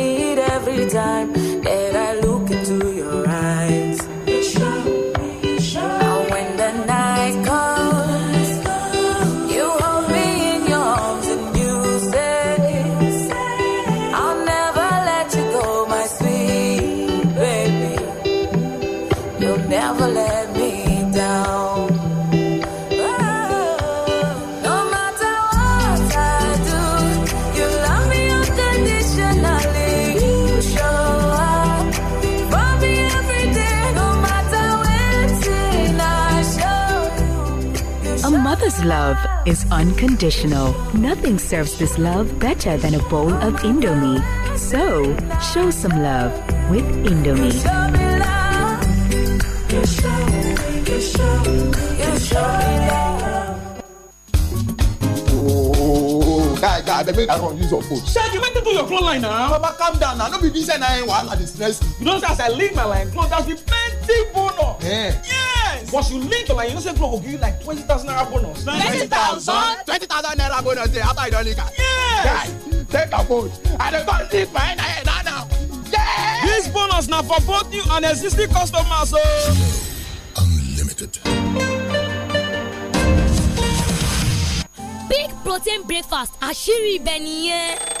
Mother's love is unconditional. Nothing serves this love better than a bowl of Indomie. So, show some love with Indomie. Guy, guy, they make Aaron use your phone. Sir, you make me do your cloth line now. Papa, calm down now. Don't be busy now. I eh? wahala dey stress you. You know, as I leave my line close, that's the plenty bonus. Eh. Yeah. yeah. Once you link to my Innocent Club, will give you like 20,000 naira bonus. 20,000? 20,000 naira bonus there after you don link am. Yes! Guys, take a vote. I don't come link my NIN now now. Yeah! This bonus now for both new and existing customers o. Unlimited. Big protein breakfast Ashiri beniye. nìyẹn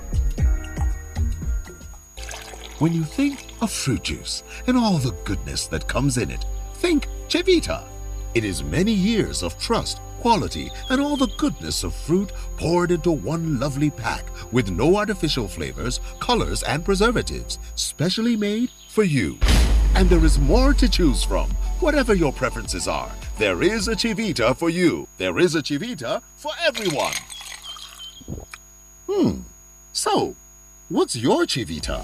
When you think of fruit juice and all the goodness that comes in it, think Chivita. It is many years of trust, quality, and all the goodness of fruit poured into one lovely pack with no artificial flavors, colors, and preservatives, specially made for you. And there is more to choose from. Whatever your preferences are, there is a Chivita for you. There is a Chivita for everyone. Hmm. So, what's your Chivita?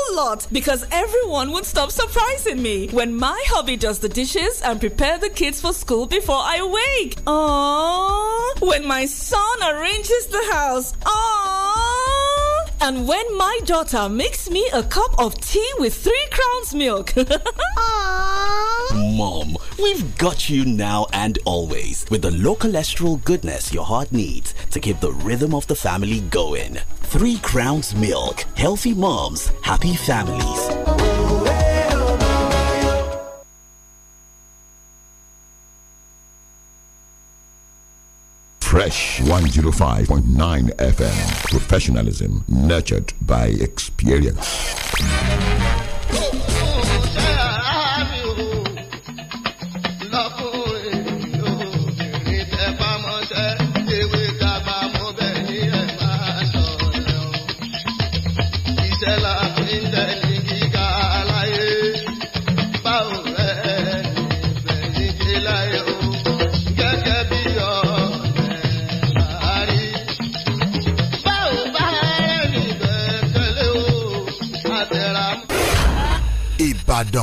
lot because everyone would stop surprising me when my hubby does the dishes and prepare the kids for school before I wake. Aww. When my son arranges the house. Aww. And when my daughter makes me a cup of tea with three crowns milk. <laughs> mom. We've got you now and always with the low cholesterol goodness your heart needs to keep the rhythm of the family going. Three Crowns Milk. Healthy moms, happy families. Fresh 105.9 FM. Professionalism nurtured by experience.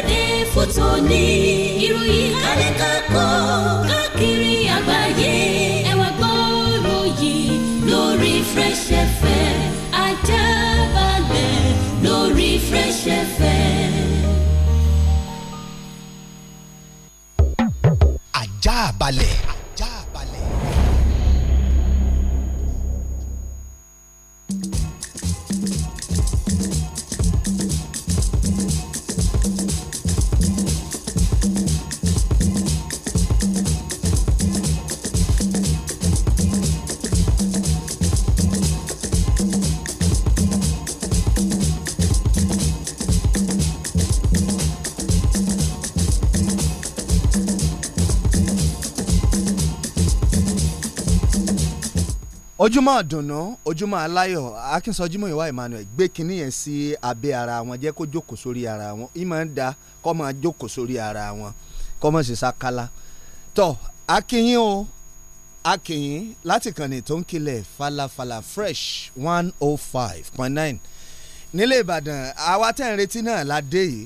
jáde fún tòní. ìròyìn kálẹ̀ kákọ́ káàkiri àgbáyé. ẹ wá gbọ́rọ̀ yìí lórí Fresh FM ajá balẹ̀ lórí Fresh FM. ajá balẹ̀. ojúmọ́ ọ̀dùnnú ojúmọ́ aláyọ̀ akínsọ́júmọ́ ìwà Emmanuel gbé kinní yẹn sí abẹ́ ara wọn jẹ́ kó jókòó sórí ara wọn ìmọ̀ ń da kọ́ máa jókòó sórí ara wọn kọ́ máa ṣe sákálá tọ́ akínyìn o akínyìn láti kànnì tó ń kilẹ̀ falafala fresh one oh five point nine nílẹ̀ Ìbàdàn àwa tẹ̀ ń retí náà la dé yìí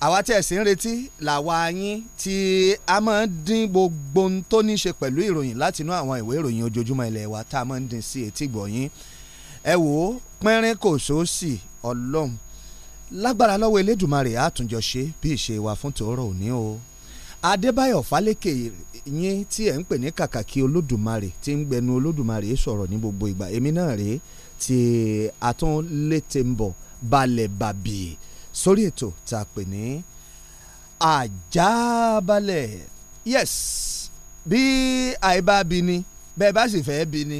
àwa tí ẹ sì ń retí làwa yín tí a máa ń dín gbogbo ohun tó ní ṣe pẹ̀lú ìròyìn láti inú àwọn ìwé ìròyìn ojoojúmọ́ ilẹ̀ wa tá a máa ń dín sí etí gbọ̀nyìn ẹ wò ó pínrín kò sóòsì ọlọ́run lágbára lọ́wọ́ elédùnmarè àtúnjọ bí ìṣe wa fún tòórọ òní o adébáyọ̀ fálékè yín tí ẹ̀ ń pè ní kàkàkí olódùmarè tí ń gbẹnu olódùmarè sọ̀rọ̀ ní gbogbo ìgbà èmi náà rèé tí àtúnlétè ń bọ̀ balẹ̀ bàbí sórí ètò tá a pè ní àjábálẹ̀ yes bí àìbá bi ni bẹ́ẹ̀ bá sì fẹ́ bi ni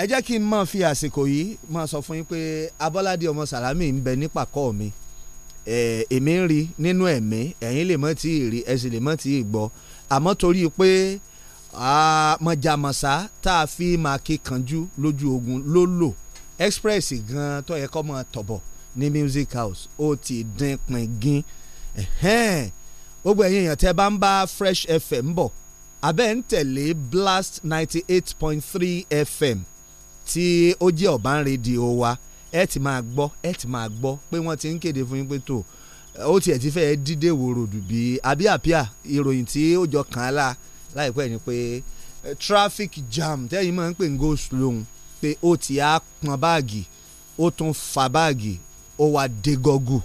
ẹ jẹ́ kí n máa fi àsìkò yìí máa sọ fún yín pé abọ́ládé ọmọ sàlámì ń bẹ ní pàkọ́ mi èmi ń rí nínú ẹ̀mí ẹ̀yin lè mọ̀ tí ì rí ẹ lè mọ̀ tí ì gbọ́ àmọ́ torí pé mọ̀jàmọ̀sá tá a fi máa kí kanjú lójú ogun ló lò express gan tó yẹ kó máa tọ̀bọ̀ ní music house ó ti dín pingin gbogbo ẹ̀yin èèyàn tẹ́ bá ń bá fresh fm bọ̀ abẹ́ ń tẹ̀lé blast ninety eight point three fm tí ó jẹ́ ọ̀bá ń rédíò wa ẹ ti máa gbọ́ ẹ ti máa gbọ́ pé wọ́n ti ń kéde fún yín pé tó ó tiẹ̀ ti fẹ́ẹ́ dídé wòròdù bí àbí àpíà ìròyìn tí ó jọ kàn án la láìpẹ́ ni pé traffic jam tẹ́yìn máa ń pè ń go slow pé ó ti á pọn báàgì ó tún fa báàgì ó wá dé gọ́gù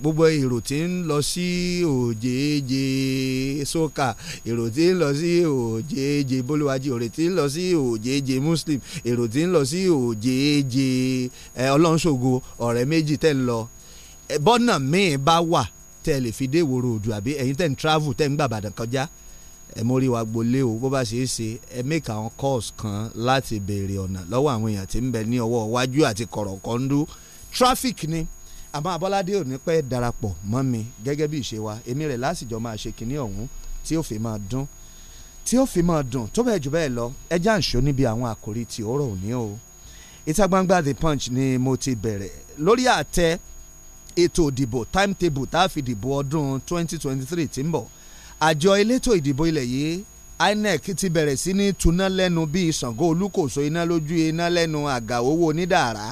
gbogbo èrò tí ń lọ sí òjèèjè sókà èrò tí ń lọ sí òjèèjè bólúwájú èrò tí ń lọ sí òjèèjè muslim èrò tí ń lọ sí òjèèjè ọlọ́nṣogo ọ̀rẹ́ méjì tẹ̀ ń lọ bọ́nà míì bá wà tẹ́ ẹ lè fi dé ìwòrò òdù àbí ẹ̀yin tẹ̀ ń travel tẹ̀ ń gbà Ìbàdàn kọjá ẹ mórí wa gbolé o bó bá ṣe é ṣe ẹ make àwọn calls kan láti béèrè ọ̀nà lọ́wọ́ àwọn èèyàn tí ń bẹ ní ọwọ́ iwájú àti kọ̀rọ̀kọ́ndú 0800 traffic ni àmọ́ abọ́ládé ò ní pẹ́ darapọ̀ mọ́ mi gẹ́gẹ́ bí ìṣe wa èmi rẹ̀ lásìjọ máa ṣe kinní ọ̀hún tí ó fi máa dún tí ó fi máa dùn tó bẹ́ẹ̀ jù bẹ́ẹ̀ lọ ẹja ń níbi àwọn àkòrí tí ó rọ̀ òní o ìta gbangba the punch ni mo ti bẹ̀rẹ̀ lórí àtẹ ètò ìdìbò timetable tá a fi dìbò ọdún 2023 tí ń bọ̀ àjọ elétò ìdìbò ilẹ̀ yìí INEC ti bẹ̀rẹ̀ sí ní tuná lẹ́nu bíi Ṣàngó olúkòso iná lójú iná lẹ́nu àgà owó onídàárà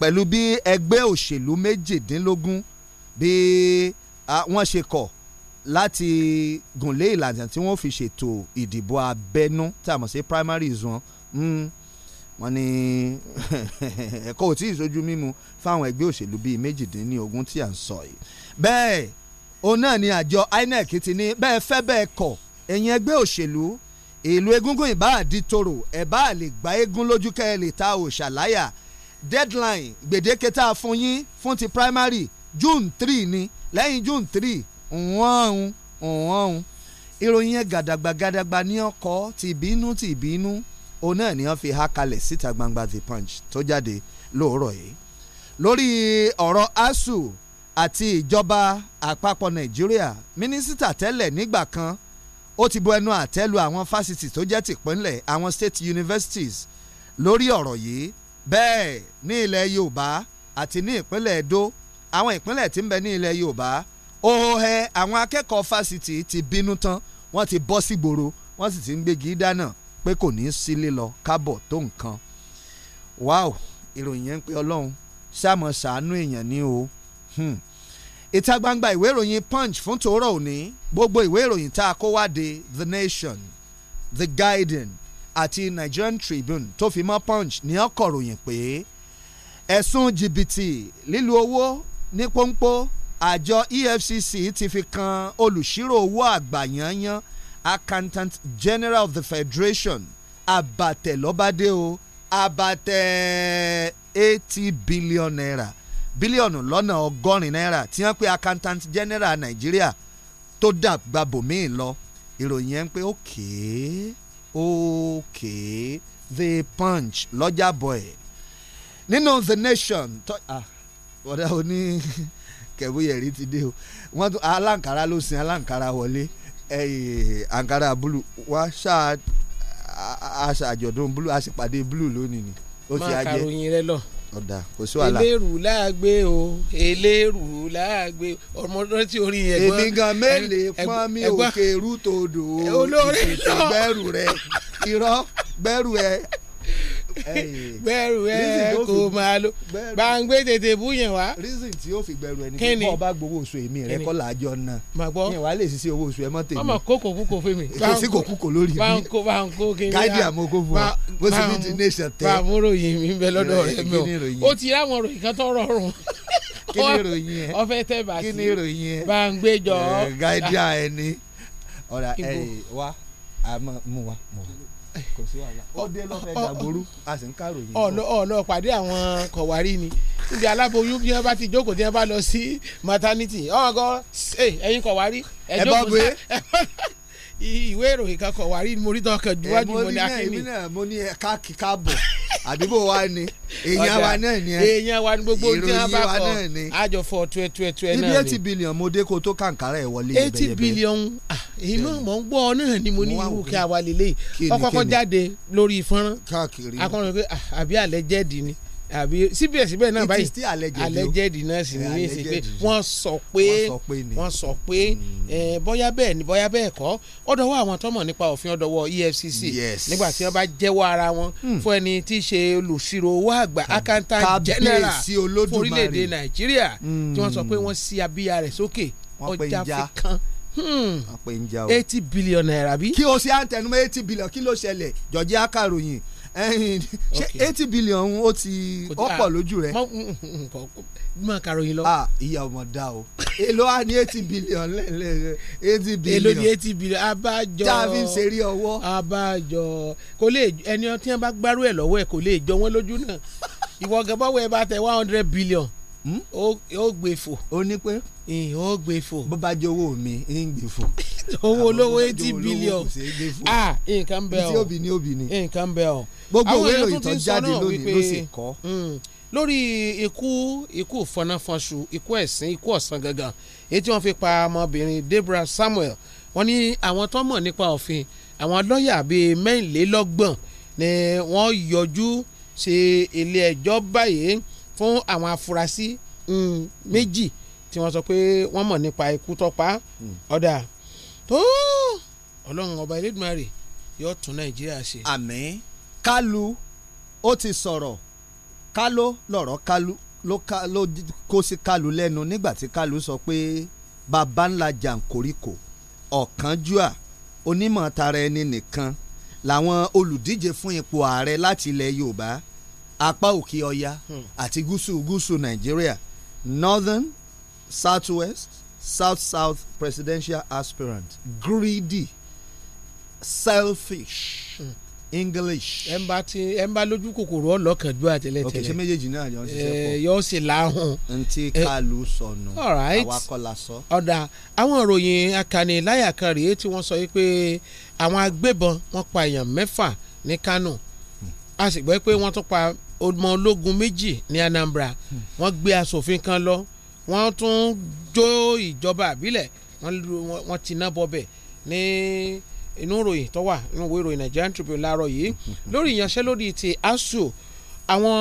pẹ̀lú bí ẹgbẹ́ òṣèlú méjìdínlógún bí wọ́n ṣe kọ̀ láti gùnlé ìlànà tí wọ́n fi ṣètò ìdìbò abẹ́nú tí a mọ̀ sí primaries wọn hmm. wọ́n ní <laughs> ẹ̀kọ́ ò tí ì sojú mímu fáwọn ẹgbẹ́ òṣèlú bíi méjìdínlógún tí à ń sọ yìí bẹ́ẹ̀ òun náà ni àjọ INEC ti ní bẹ́ẹ̀ fẹ́ bẹ́ẹ̀ kọ̀ ẹ̀yin ẹgbẹ́ òṣèlú ìlú egúngún ìbáàdì toro ẹ̀ bá lè gba eégún lójú kẹ́ lè ta òòṣà deadline gbèdéke tá a fún yín fún ti primary june three ni lẹ́yìn june three ọ̀hún ọ̀hún ìròyìn yẹn gàdàgbà gàdàgbà ní ọkọ̀ ti ìbínú ti ìbínú òun náà ni wọ́n fi ha kalẹ̀ síta gbangba the punch tó jáde lóòrọ̀ yìí lórí ọ̀rọ̀ asuu àti ìjọba àpapọ̀ nàìjíríà mínísítà tẹ́lẹ̀ nígbà kan ó ti bu ẹnu àtẹ́ lu àwọn fásitì tó jẹ́ tìpínlẹ̀ àwọn state universities lórí ọ̀rọ̀ yìí bẹ́ẹ̀ ní ilẹ̀ Yorùbá àti ní ìpínlẹ̀ Edo àwọn ìpínlẹ̀ tí ń bẹ ní ilẹ̀ Yorùbá òhòhẹ àwọn akẹ́kọ̀ọ́ fásitì ti bínú tán wọ́n ti bọ́ sígboro wọ́n sì ti ń gbégi dáná pé kò ní í sílé lọ kábọ̀ tó nǹkan wow ìròyìn yẹn ń pe Ọlọ́run sàmọ̀ sàánú èèyàn ni o hmm. ìta gbangba ìwé ìròyìn Punch fún tòórọ̀ òní gbogbo ìwé ìròyìn tá a kó wá de The Nation, The guiding àti Nigerian Tribune tó fi mọ́ Punch ní ọkọ̀ròyìn pé ẹ̀sùn jìbìtì lílu owó ní pọ́npọ́ àjọ EFCC ti fi kan olùṣírò owó àgbà yanyan Accountant General of the Federation abatẹ̀lọ́bádé o abate eighty billion naira bílíọ̀nù lọ́nà ọgọ́rin náírà tí wọ́n pe Accountant General Nàìjíríà tó dàgbà bòmíì lọ ìròyìn ẹ̀ ń pé ókèé. Okay okay the punch lọ́jà boy nínú the nation ah, ọ̀dà òní <laughs> kẹ̀wéyẹ̀rí ti dé o wọ́n tún aláǹkárá ló sin aláǹkárá wọlé ankara búlù wá ṣáà àṣàjọ̀dún búlù àṣìpàdé búlù lónìí ni ó ti ajẹ́. máa karòyìn rẹ lọ ọ̀dà kò sí wàhálà. eléèrú láàgbé o eléèrú láàgbé ọmọ rántí orin yẹn. èmi gan mélèé pọ́n mi òkè rútòdò olórí lọ ìṣètò gbẹ́rù rẹ̀ irọ́ gbẹ́rù ẹ̀ gbẹrù ẹ kò máa lo gbàǹgbé tètè búyàn wá. reason tí ó fi gbẹrù ẹni kí kọ́ bá gbowó oṣù èmi rẹ kọ́ làájọ náà yẹn wàá lè ṣiṣẹ́ owó oṣù ẹ mọ́ tèmi. ọmọ kókò kúkò fún mi. kò sí kò kúkò lórí mi. báńkó báńkó kí n bá gáàdì àmókò fún wa bó sì ní nation tẹ. bá a mú ròyìn mi bẹ lọ́dọ̀ rẹ mi o ó ti ráwọn ròyìn kan tó rọrùn <laughs> kí ni ìròyìn ẹ ọfẹ tẹ bá sí kí ni ìròyìn ẹ báńgbéjọ. Eh, kò sí wàhálà ó dé lọ́fẹ̀ẹ́ dàgbòrú a sì ń káròyìn. ọ̀nà ọ̀nà pàdé àwọn kọ̀wárí ni níbi aláboyún bí wọ́n bá ti jókòó tí wọ́n bá lọ sí maternity ọ̀gọ́ ẹ̀yin kọ̀wárí ẹ̀ jókòó sá ìwé ìròyìn kan kọ̀ rí mo rí tọkàn níwájú mo ní akínní. Ah, èmi náà mo ní ká káàbọ̀ àbíbò wa ni èèyàn wa náà ni ẹ èèyàn wa ni gbogbo tí wọn bá kọ àjọ tuẹ tuẹ tuẹ náà ni. níbi eighty billion mo dé ko tó kàǹkárà wọlé yẹbẹyẹbẹ. eighty billion ah, inú mọ̀ ń gbọ́ náà ni mo ní irú kí a wà lélẹ́yìí ọkọ̀ọ̀kọ̀ jáde lórí fọ́nrán akọ̀ròyìn pé ah, àbí àlẹ́ jẹ́ẹ̀dì ni àbí síbẹ̀síbẹ̀ náà báyìí allegedly náà sì ní í ṣe pé wọ́n sọ pé wọ́n sọ pé hmm. eh, bóyá bẹ́ẹ̀ ni bóyá bẹ́ẹ̀ kọ́ ó dọwọ́ àwọn tó mọ̀ nípa òfin ó dọwọ́ EFCC nígbà tí wọ́n bá jẹ́wọ́ ara wọn hmm. fún ẹni tí í ṣe olùṣirò owó àgbà akantan general fún orílẹ̀-èdè Nàìjíríà tí wọ́n sọ pé wọ́n sí abíyá rẹ̀ sókè ọjà fi hmm. eighty billion naira bí. kí o ṣe à ń tẹnumọ́ eighty billion kí ló ṣẹlẹ̀ jọ̀jẹ́ akàròyìn ṣe eighty billion ó ti ọ̀pọ̀ ah, lójú rẹ̀. mọ karòyìn lọ. Ah, ìyá ọmọ dá o èló a ní eighty billion lẹ́lẹ́ eighty billion. èló ní eighty billion abájọ jáfi ń ṣeré ọwọ́. abájọ kò lè ẹni tí wọn bá gbárù ẹ lọ́wọ́ ẹ kò lè jọ wọn lójú náà ìwọ gẹ́gẹ́ bọ́wọ́ bá tẹ one hundred billion Hmm? ó gbé fò. ó ní pé. ó gbé fò. bó bá jẹ́ owó mi ń gbé fò. <laughs> owó olówó eighty billion ah nǹkan bẹ́ẹ̀ o tí òbí ní òbí ni. nǹkan bẹ́ẹ̀ o. gbogbo òwe ìròyìn tó jáde lónìí ló sì kọ́. Hmm, lórí ikú ikú fọnáfọnṣu ikú ẹ̀sìn ikú ọ̀sán gangan èyí tí wọ́n fi pa ọmọbìnrin Deborah Samuel wọ́n ní àwọn tó mọ̀ nípa òfin àwọn lọ́ọ̀yà bíi mẹ́rìnlélọ́gbọ̀n ni wọ́n yọjú sí ilé ẹjọ́ báyìí fún àwọn afurasí mm. Mm, méjì tí wọ́n sọ pé wọ́n mọ̀ nípa ikú tọ́pa mm. ọ̀dà tó ọlọ́run ọba Elédùmarè yóò tún Nàìjíríà ṣe. àmín kálu ó ti sọ̀rọ̀ káló lọ̀rọ̀ kálu ló kó sí kálu lẹ́nu nígbà tí kálu sọ pé baba ńlá jàǹkóríkò ọ̀kánjúà onímọ̀ tara ẹni nìkan làwọn olùdíje fún ipò ààrẹ láti ilẹ̀ Yorùbá apá òkè ọya àti gúúsù gúúsù nàìjíríà northern southwest south south presidential aspirant greedy selfish. English. ẹ ń bá ti ẹ ń bá lójú kòkòrò ọlọ́kàn ju àtẹlẹ tẹlẹ. ok ṣé méjèèjì náà yọ ṣiṣẹ́ pọ̀. ẹ yọ ṣe láhùn. n ti kálù sọnù àwakọ̀là sọ. ọ̀dà àwọn ìròyìn akaniláyà kan rèé tí wọ́n sọ pé àwọn agbébọn wọ́n pa èèyàn mẹ́fà ní Kánò a sì gbọ́ pé wọ́n tún pa ọmọ ológun méjì ní Anambra hmm. wọ́n gbé asòfin kan lọ wọ́n tún jó ìjọba àbílẹ̀ wọ́n ti ná bọ́bẹ̀ ní inú ìròyìn tó wà inú ìwé ìròyìn Nigerian Tribune láàárọ̀ yìí hmm. lórí ìyanṣẹ́lódì ti ASUU àwọn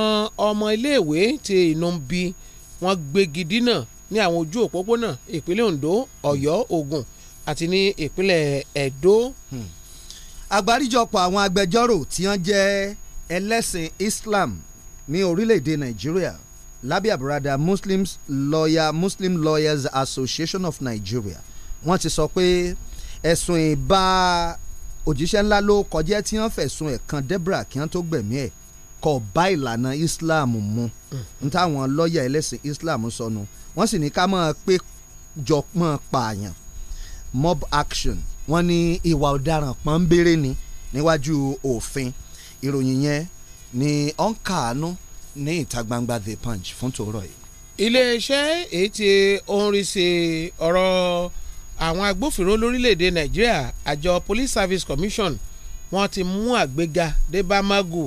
ọmọ iléèwé ti Ìnumbi wọ́n gbégi dínà ní àwọn ojú òpópónà ìpínlẹ̀ Ondo Ọ̀yọ́ hmm. Ògùn àti ní ìpínlẹ̀ Ẹdó. àgbáríjọpọ̀ àwọn agbẹjọ́rò tí wọ́n jẹ́ ẹlẹ́sìn Islam ní orílẹ̀-èdè nàìjíríà lábẹ́ àbúradà muslims lawyer muslim lawyers association of nigeria wọ́n ti sọ pé ẹ̀sùn ìbá òjíṣẹ́ ńlá ló kọjá tí wọ́n fẹ̀sùn ẹ̀ kan kí wọ́n tó gbẹ̀mí ẹ̀ kò bá ìlànà islam mu hmm. n táwọn lọ́ọ̀yà ẹlẹ́sìn islam sọnù wọ́n sì ní ká máa pé jọ mọ́ pààyàn mob action wọ́n ní ìwà ọ̀daràn pọ́nbéré ni níwájú òfin ìròyìn yẹn ni ó ń kàánú ní ìta gbangba the punch fún tòórọ yìí. iléeṣẹ́ èyí tí ó ń rí sí ọ̀rọ̀ àwọn agbófinró lórílẹ̀‐èdè nàìjíríà àjọ police service commission wọ́n ti mú àgbéga débá magu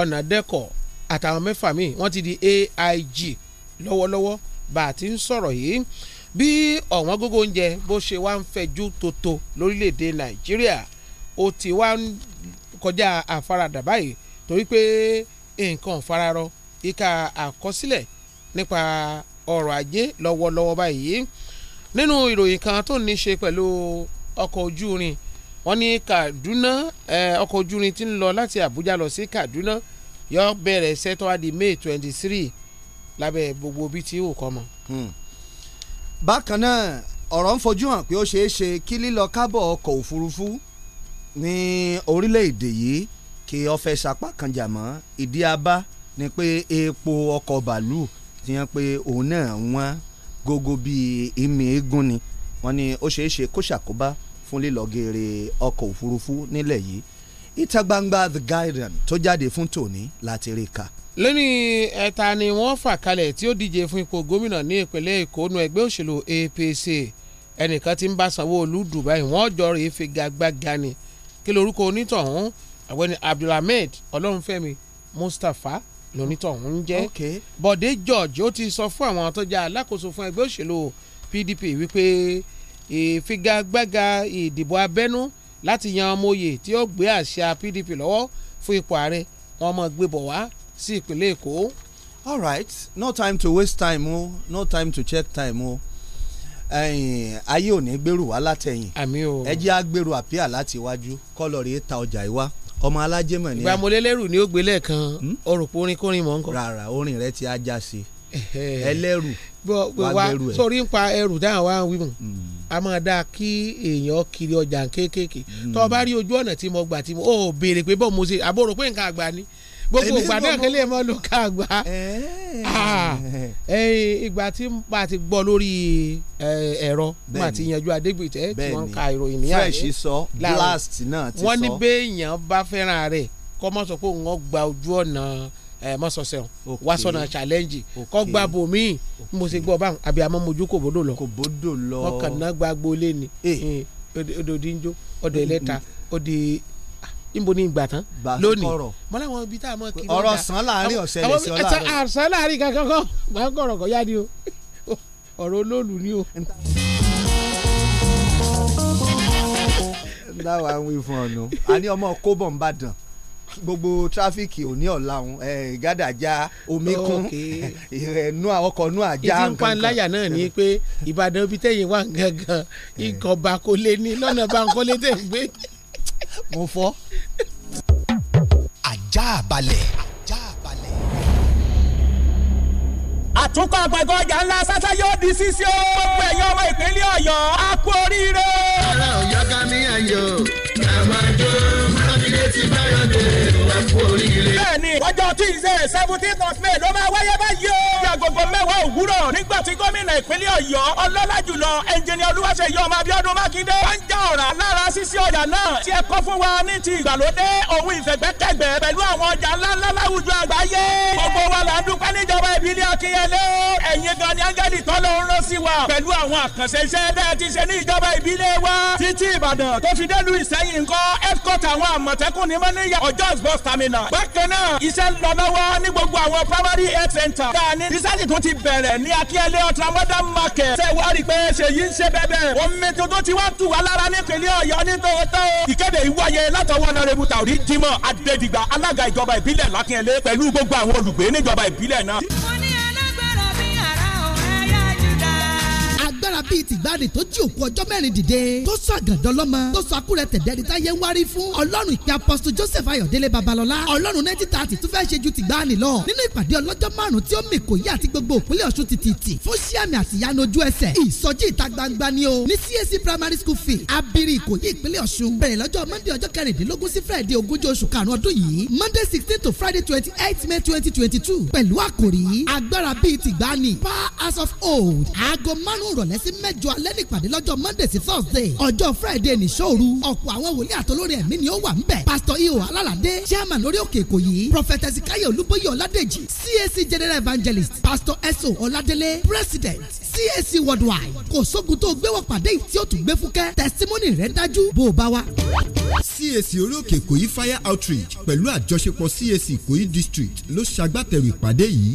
ọ̀nàdẹ́kọ̀ àtàwọn mẹ́fà míì wọ́n ti di AIG lọ́wọ́lọ́wọ́ bá a ti ń sọ̀rọ̀ yìí bí ọ̀wọ́n gógó oúnjẹ bó ṣe wá ń fẹjú tótó lórílẹ̀‐èdè nàìjíríà ó ti wá ń kọjá àfaradà báyìí torí pé nǹkan fararọ ìka àkọsílẹ̀ nípa ọrọ̀ ajé lọ́wọ́lọ́wọ́ báyìí nínú ìròyìn kan tó ní ṣe pẹ̀lú ọkọ̀ ojú irin wọ́n ní Kaduna ọkọ̀ ojú irin ti ń lọ láti Abuja lọ sí Kaduna yọ bẹ̀rẹ̀ sẹ́tọ́ adi May twenty three lábẹ́ gbogbo bíi ti ò kọ́ mọ́. Hmm. bákan náà ọ̀rọ̀ ń fojú hàn pé ó ṣeé ṣe kí lílọ kábọ̀ ọkọ̀ òfurufú ní orílẹ̀-èdè yìí kí ọ fẹ́ sapá kan jà mọ́ ìdí abá ni pé epo ọkọ̀ bàálù ti hàn pé òun náà wọ́n gógó bíi ìmì eégún ni wọ́n ní ó ṣeé ṣe kó ṣàkóbá fún lílọ geere òfurufú nílẹ̀ yìí ìta gbangba The Guardian tó jáde fún tòní láti rí ka. lónìí ẹ̀ta ni wọ́n fà kalẹ̀ tí ó díje fún ipò gómìnà ní ìpínlẹ̀ Èkó nu ẹgbẹ́ òṣèlú APC ẹnìkan tí ń bá Sanwó-Olú Dubai wọ́n jọ rèé figagbága ni kí lorúkọ onítọ̀hún àwọn ni Abdulhamid Ọlọ́runfẹ́mi Mustapha lonítọ̀hún ń jẹ́ Bọ̀dé George ó ti sọ fún àwọn tó jẹ́ alákòóso fún ẹgbẹ́ òṣèlú PDP wípé ìfigagbága ìdìbò abẹ́nú láti yan ọmọ oyè tí ó gbé àṣà PDP lọ́wọ́ fún ipò ààrẹ wọn mọ̀ gbé bọ̀ wá sí ìpínlẹ̀ Èkó. all right no time to waste time o oh. no time to check time o. Oh ayé ò ní gbèrú wá látẹ̀yìn àmín o ẹ jẹ́ àgbèrú àpíà láti iwájú kọ́lọ̀ rèé ta ọjà yìí ọmọ alájẹmọ ni. ìgbà mo lélẹ́rù ni ó gbé lẹ́ẹ̀kan ọ̀rùn hmm? orin mọ̀ ń kọ́. rárá orin rẹ ti ajá sí ẹlẹ́rù wàá gbẹrù ẹ̀. sórí ń pa ẹrù dáhùn wá wí hmm. a máa dáa kí èèyàn kiri ọjà kéékèèké hmm. tó o bá rí ojú ọ̀nà tí mo gbà tí mo ò béèrè pé bọ́ọ̀ mo ṣe àbúrò pé nǹkan àgbà ni gbogbo ìgbà náà kí lè mọ ló ká àgbà ìgbà tí a ti gbọ́ lórí ẹ̀rọ nígbà tí yanjú adégbètè tí wọ́n ń ka ìròyìn ní àyè fresh sọ blast náà ti sọ wọ́n ní béèyàn bá fẹ́ràn rẹ̀ kọ́ mọ́ sọ pé òun gba ojú ọ̀nà mọ́sọ̀sẹ̀ wá sọ̀nà challenge kọ́ gba bòmíì mo ṣe gbọ́ báwọn àbí àmọ́ mojú kò bódò lọ kò bódò lọ wọ́n kàn ná gbàgbó lé ni odò díjó odò ẹlẹ́ta odò níbo ni ìgbà tán lónìí mọ láwọn ibi tá a mọ kiri ọjà ọ̀rọ̀ sàn láàrin ọ̀sẹ̀ lè ṣe ọ̀la sàn láàrin kankan kan gbàǹkọ̀rọ̀ kọ́ yá ni o ọ̀rọ̀ olóòlù ni o. dáwà ń wí fún ọ̀nà a ní ọmọ kóbọ̀ ń bàdàn gbogbo tírafíkì òní ọ̀la ọ̀hún gádàjà omi kún ìrẹ̀nú ọkọ̀ nú àjà nǹkan ìdí panláyà náà ni pé Ìbàdàn ibi tẹ̀yìn wà gangan ikọ̀ eh. bá kó ní lọ́nà bá ń kó tẹ̀ gbé mo fọ́. ajá balẹ̀. ajá balẹ̀. àtúnkọ́ àgbàgbọ́ ọjà ńlá sásá yóò di ṣíṣe o. gbogbo ẹ̀yọ́ ọmọ ìpínlẹ̀ ọ̀yọ́ á kú oríire. ara ọ̀yọ́ ká mi ẹ̀ yọ àwọn àjọ mákindé ti báyọ̀ dé wá kú oríire. bẹ́ẹ̀ni ọjọ́ tuesday seventeen of may ló máa wáyé báyìí o agogo mẹ́wàá òwúrọ̀ nígbà tí gómìnà ìpínlẹ̀ ọ̀yọ́ ọlọ́lá jùlọ ẹnjìnì olúwaṣeyọ ọmọ abíọ́dún mákindé. wọ́n oríṣiríṣi ọjà náà tí ẹ kọ́ fún wa ní ti ìgbàlódé òun ìfẹ̀gbẹ́kẹ̀gbẹ́ pẹ̀lú àwọn ọjà ńláńlá láwùjọ àgbáyé gbogbo w ìdílé akínyẹlé ẹ̀yin gan ni áńgẹ́lì tọ́lọ́ ń rán sí wa pẹ̀lú àwọn àkànṣe iṣẹ́ bẹ́ẹ̀ ti ṣe ní ìjọba ìbílẹ̀ wa títí Ìbàdàn tó fi délùú Ìṣẹ́yìn ńkọ́ headquarter àwọn àmọ̀tẹ́kùn ní mọ́níyà ọjọ́ bus terminal bákan náà iṣẹ́ ń lọ lọ́wọ́ ní gbogbo àwọn primary health center tá a ní iṣẹ́ tó ti bẹ̀rẹ̀ ní akínyẹlé ultra modern market ṣe wá rí i pé ṣe yí ń ṣe bẹ́ẹ̀ omi tuntun ti wá tù wá lára nípínlẹ̀ Ọ̀yọ́ nítòótọ́ ìkéde ìwáyé látọwọ́ nọrẹ́bù tàwí Jimoh Adédìgbà alága ìjọba ìbílẹ̀ lákínyẹlé pẹ̀lú gbogbo àwọn olùgbé níjọba ìbílẹ̀ náà. bíi tìgbàdì tó jí òkú ọjọ́ mẹ́rin dìde tó sọ àgàdọ́ lọ́mọ tó sọ akúrẹ́ tẹ̀dẹ́rì táyé ń wárí fún ọlọ́run ìpè apọ́sítù Joseph Ayọ̀délé Babalọ́lá ọlọ́run nineteen thirty tún fẹ́ ṣe ju tìgbàanì lọ nínú ìpàdé ọlọ́jọ́ márùn tí ó mì kò yí àti gbogbo òpínlẹ̀ Ọ̀ṣun ti tìtì fún síàmì àtìyánu ojú ẹsẹ̀ ìsọjí ìta gbangba ni o ní CAC primary school fee abiri ìkòyí ìpínlẹ̀ Ọ̀ṣun bẹ̀rẹ̀ lọ́jọ́ Monday ọjọ́ kẹrìndínlógún sí Friday ogúnjọ́ oṣù karùn-ún ọdún to Friday twenty eight May twenty twenty two pẹ̀lú àkòrí as of old aago márùn-ún rọ̀lẹ́sí mẹ́jọ alẹ́ nípàdé lọ́jọ́ monday sí thursday ọjọ́ friday nìṣọ́ òru ọ̀pọ̀ àwọn wòlíì àtolórí ẹ̀mí ni ó wà ńbẹ̀ pastor iho alálàdé chairman lórí òkè èkó yìí prophet ezekiel olúbóyè ọládèjì cac general evangelist pastor eso ọládélé president cac worldwide kò sógun tó gbéwọ̀ pàdé yìí tí ó tún gbé fúkẹ́ testimony rẹ̀ dájú bó o bá wa. cac orí òkè èkó yìí fire outreach pẹ̀lú àjọṣepọ̀ cac ìkòyí district ló ṣagbátẹrù ìpàdé yìí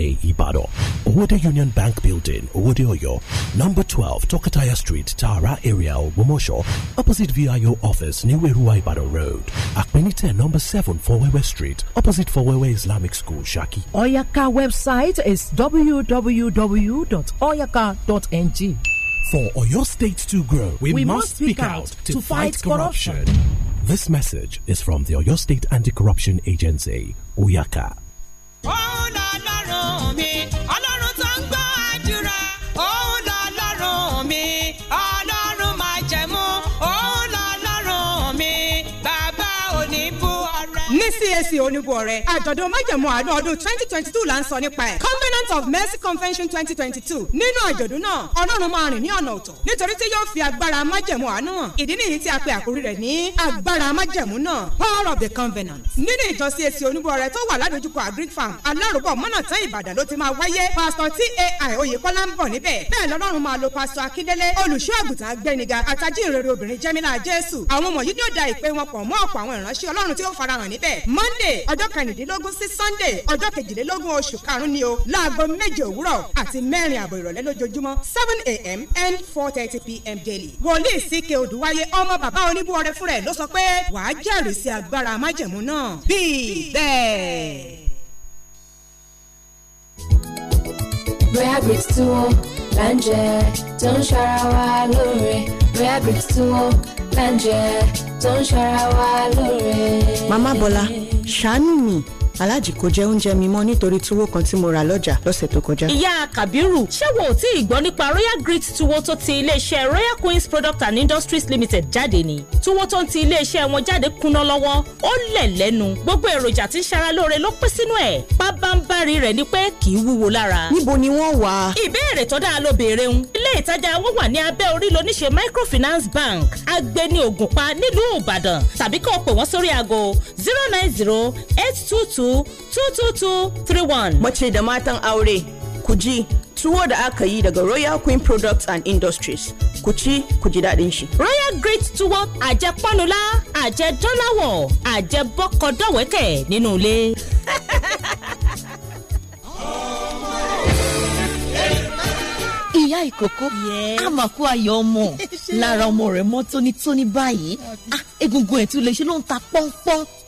A, Ibadan. Owode Union Bank Building, Owode Oyo. Number 12, Tokataya Street, Tara area, Ogumosho. Opposite VIO office, New Erua Ibadan Road. Akpenite, number 7, Fowewe Street. Opposite Fowewe Islamic School, Shaki. Oyaka website is www.oyaka.ng. For Oyo State to grow, we, we must speak out to, to fight, fight corruption. corruption. This message is from the Oyo State Anti Corruption Agency, Oyaka. Oh, no! me. ní CAC oníbọ̀rẹ̀ àjọ̀dún májẹ̀mú àánú ọdún twenty twenty two là ń sọ nípa ẹ̀ Covenant of Mercy Convention twenty twenty two nínú àjọ̀dún náà ọlọ́run máa rìn ní ọ̀nà ọ̀tọ̀ nítorí tí yóò fi agbára májẹ̀mú àánú hàn ìdí nìyí tí a pe àkórí rẹ̀ ní agbára májẹ̀mú náà power of the covenant nínú ìjọ CAC oníbọ̀rẹ̀ tó wà ládojúkọ agric farm alárùbọ̀ mọ́nà tán Ìbàdàn ló ti máa wáyé pastor tai Oyèkọ́lá ń bọ̀ níbẹ̀ bẹ́ẹ̀ lọ́lọ́run máa lo pásítọ̀ Akíndélé olùṣọ́ àgùntàn agbẹniga àtàjínrere obìnrin Jẹ́mílà Jésù àwọn ọmọ yìí ni ó da ìpè wọn pọ̀ mọ́ ọ̀pọ̀ àwọn ìránṣẹ́ Ọlọ́run tí ó farahàn ní níbẹ̀ monday ọjọ́ kẹrìndínlógún sí sunday ọjọ́ kejìlélógún oṣù karùn-ún ni o láago méje òwúrọ̀ àti mẹ́rin àbọ̀ ìrọ̀lẹ́ lójoojúmọ́ seven a.m. and four thirty p.m. daily. wòlíì síkè odùwáyé ọmọ bàbá oníbúọrẹ fúnra ẹ̀ ló sọ pé wàá jẹ́rìí sí agbára májẹ̀mú náà bíi bẹ́ẹ̀. We are bricks to all, Banja. Don't shout out our lure. Rare bricks to all, Banja. Don't shout out our lure. Mama Bola, Shani. aláàjì kò jẹ oúnjẹ mi mọ́ nítorí túwó kan tí mo rà lọ́jà lọ́sẹ̀ tó kọjá. ìyá kàbírù ṣé wo ò tí ì gbọ́ nípa royal grit tuwo tó ti iléeṣẹ́ royal queens product and industries limited jáde ni tuwo tó ń ti iléeṣẹ́ wọn jáde kuná lọ́wọ́ ó lẹ̀ lẹ́nu gbogbo èròjà tí ń ṣara lóore ló pín sínú ẹ̀ pábánbárì rẹ̀ ni pé kì í wúwo lára. níbo ni wọ́n wà. ìbéèrè tó dáa ló béèrè ń ilé ìtajà wọn wà ní abẹ́ orí lóníṣe microfinance bank agbeni ògùnpá nílùú ìbàdàn tàbí kó o wọ́n sórí aago zero nine zero eight two two 0222 Mace da matan aure, ku ji tuwo da aka yi daga Royal Queen Products and Industries. Ku ci, ku ji daɗin shi. Royal Great Tuwo àjẹ pọ́nulá, àjẹ dọ́làwọ̀, àjẹ bọ́kọ dọ̀wẹ́kẹ̀ nínú ilé. ìyá ìkókó àmàkù ayọ̀ ọmọ <laughs> lára ọmọ rẹ̀ mọ́ tónítóní báyìí ah, egungun ẹ̀ tún lè ṣe ló ń ta pọ́npọ́n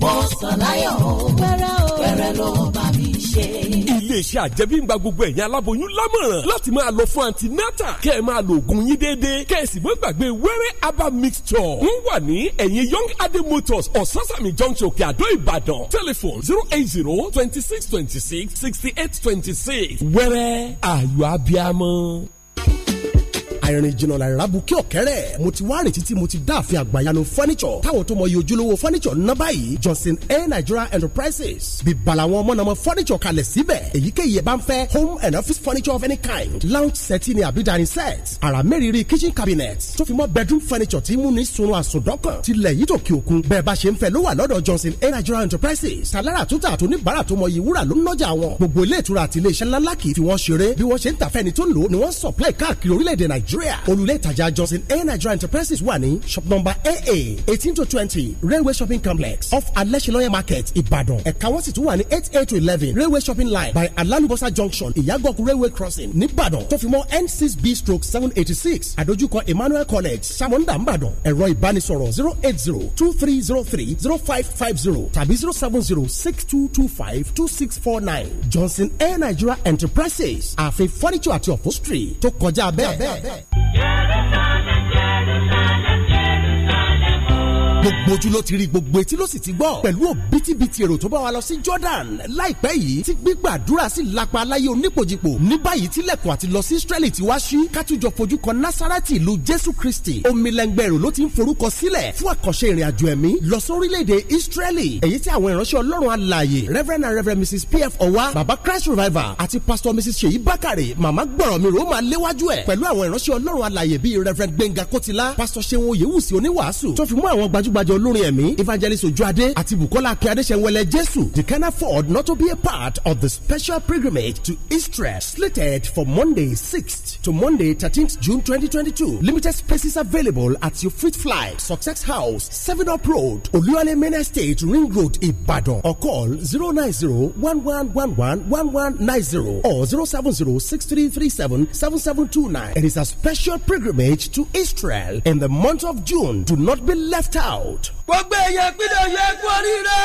mo sọ láyọ̀ o iléeṣẹ́ àjẹmíngba gbogbo ẹ̀yin aláboyún lámọ̀ràn láti máa lọ fún antinata kẹ́ ẹ̀ máa lo oògùn yín déédéé kẹ́ ẹ̀ sì mọ́ gbàgbé wẹ́rẹ́ herbal mixture wọ́n wà ní ẹ̀yìn young adé motors ososani junction kíadó ìbàdàn telephone zero eight zero twenty six twenty six sixty eight twenty six wẹ́rẹ́ ayọ̀ abiamọ àìrìn jìnnà làràbùkí ọ̀kẹ́rẹ́ mo ti wá rìn títí mo ti dá àfin àgbàyanu furniture táwọn tó mọ iye ojúlówó furniture ń ná báyìí Johnson A Nigeria Enterprises bíbalà wọn mọ̀nàmọ́ furniture kalẹ̀ síbẹ̀ èyíkéyìí ẹ̀ bá ń fẹ́ home and office furniture of any kind lounge set ni àbí dining set àrà mẹ́rìírí kitchen cabinet tó fi mọ́ bedroom furniture tí mú ní sunun àsùndọ́kàn tilẹ̀ yìí tó kí òkun bẹ́ẹ̀ bá ṣe ń fẹ́ ló wà lọ́dọ̀ Johnson A Nigeria Enterprises tàlára tó tà tó níbàárà tó mọ iye wúrà ló ń nọ́jà wọn gbogbo ilé ìtura àti ilé iṣẹ́ ńláńlá kì fi wọ́n ṣeré bí wọ́n ṣe ń tàfẹ́ni tó ń lò ó ni wọ́n supply káàkiri orílẹ̀ Nigeria olùlé ìtajà Johnson A Nigeria Enterprises wà ní shop number AA eighteen to twenty railway shopping complex off Alẹ́sìlọ́yẹ̀ market Ìbàdàn ẹ̀ka wọ́n sì tún wà ní eight eight to eleven railway shopping line by Alalubosa junction Ìyàgànkù railway crossing nìbàdàn tó fi mọ́ N six B stroke seven eighty six àdójúkọ Emmanuel college Samonda Ìbàdàn ẹ̀rọ ìbánisọ̀rọ̀ zero eight zero two three zero three zero five five zero tàbí zero seven zero six two two five two six four nine Johnson A Nigeria Enterprises àfi furniture àti upholstery tó kọjá bẹ́ẹ̀. Jerusalem, Jerusalem. gbogbo ojú ló ti rí gbogbo etí ló sì ti gbọ́ pẹ̀lú òbítíbitì èrò tó bá wa lọ sí Jordan láìpẹ́ yìí tí gbígbàdúrà sì lápá aláyé onípojìpò ní báyìí tilẹ̀kùn àti lọ sí Israeli ti wá sí kátújọ fojú kan Nasarati ìlú Jésù Kristi omilẹ̀ngbẹ̀ èrò ló ti ń forúkọ sílẹ̀ fún àkànṣe ìrìn àjò ẹ̀mí lọ sí orílẹ̀-èdè Israeli èyí tí àwọn ìránṣẹ́ Ọlọ́run alààyè Reverend and Reverend Mrs P.F. Ọwa Baba Christ Revival àti Pastor Mrs Seyi Bakare Màmá gbọ̀rọ̀ mi rò ó máa léwájú ẹ̀ pẹ̀lú àwọn ìránṣẹ́ Ọlọ́run alààyè bíi Reverend Gbẹ̀ngà Kótilá Pastor Ṣeun Oyèwùsì oníwàásù tó fi mú àwọn gbajúgb gbajúgbajà olórin ẹ̀mí evangelist ojuade àti bukola akíndéṣẹ́wẹlẹ jésù they can afford not to be a part of the special pilgrimage to Israel slated for Monday 6th to Monday 13th June 2022. Limited spaces available at your Fruit Fly, Success House, Seven Up Road, Oluwale Main Estate, Ring Road, Ibadan. Or call 090-1111-1190 or 070-6337-7729. It is a special pilgrimage to Israel in the month of June. Do not be left out out gbogbo èèyàn ìpínlẹ̀ ọ̀yọ́ ẹ̀kú oríire.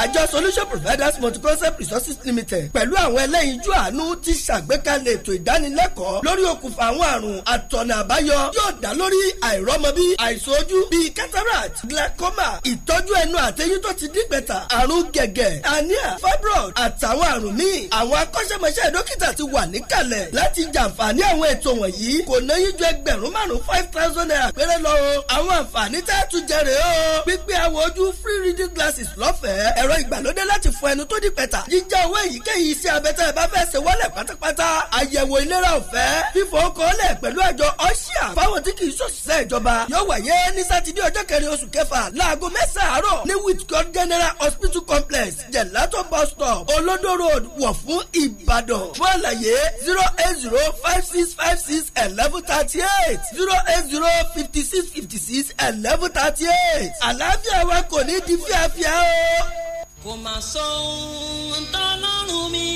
àjọ solution providers multi-concept resources limited pẹ̀lú àwọn ẹlẹ́yinjú àánú ti ṣàgbékalẹ̀ ètò ìdánilẹ́kọ̀ọ́ lórí okùnfà àwọn àrùn àtọ̀nà àbáyọ yóò dá lórí àìrọ́mọbí àìsàn ojú bíi cataract glaucoma ìtọ́jú ẹnu àtẹyín tó ti dígbẹ̀ta àrùn gẹ̀gẹ̀ hernia fibroid àtàwọn àrùn míì àwọn akọ́ṣẹ́mọṣẹ́ dókítà ti wà níkàlẹ̀ láti jàǹfààní àwọn ètò wọ̀nyí kò náyí ju ẹgbẹ̀rún márùn-ún five thousand naira péré lọ o àwọn àǹfààní tẹ́ẹ̀tù jẹrè o gbé àwọ̀ ojú free reading glasses lọ́fẹ̀ẹ́ ẹ̀rọ ìgbàlódé láti fọ ẹnu tó di pẹ̀tà jíjá owó èyíkéyìí iṣẹ́ abẹ́tẹ́ bá fẹ́ ṣe wọlé pátápátá àyẹ̀wò ìlera ọ̀fẹ́ fífọ ọkọ̀ọ́lẹ̀ pẹ̀lú àjọ ọ́ṣíà fáwọn tí kì í ṣòṣìṣẹ́ ìjọba yóò wáyé ní sátidé ọjọ́ kẹrin oṣù kẹfà láago mẹ́sàn-án àárọ̀ ní Whitcourt General Hospital Complex Jelato bus stop Olodo Road Wọ̀fún Ìbàdàn fún àlàyé zero eight zero five six five six eleven thirty eight zero eight zero fifty six fifty six eleven thirty eight àlá àlàáfíà wa kò ní di fíafíà o. kò mà sọ ohun tọ́lọ́run mi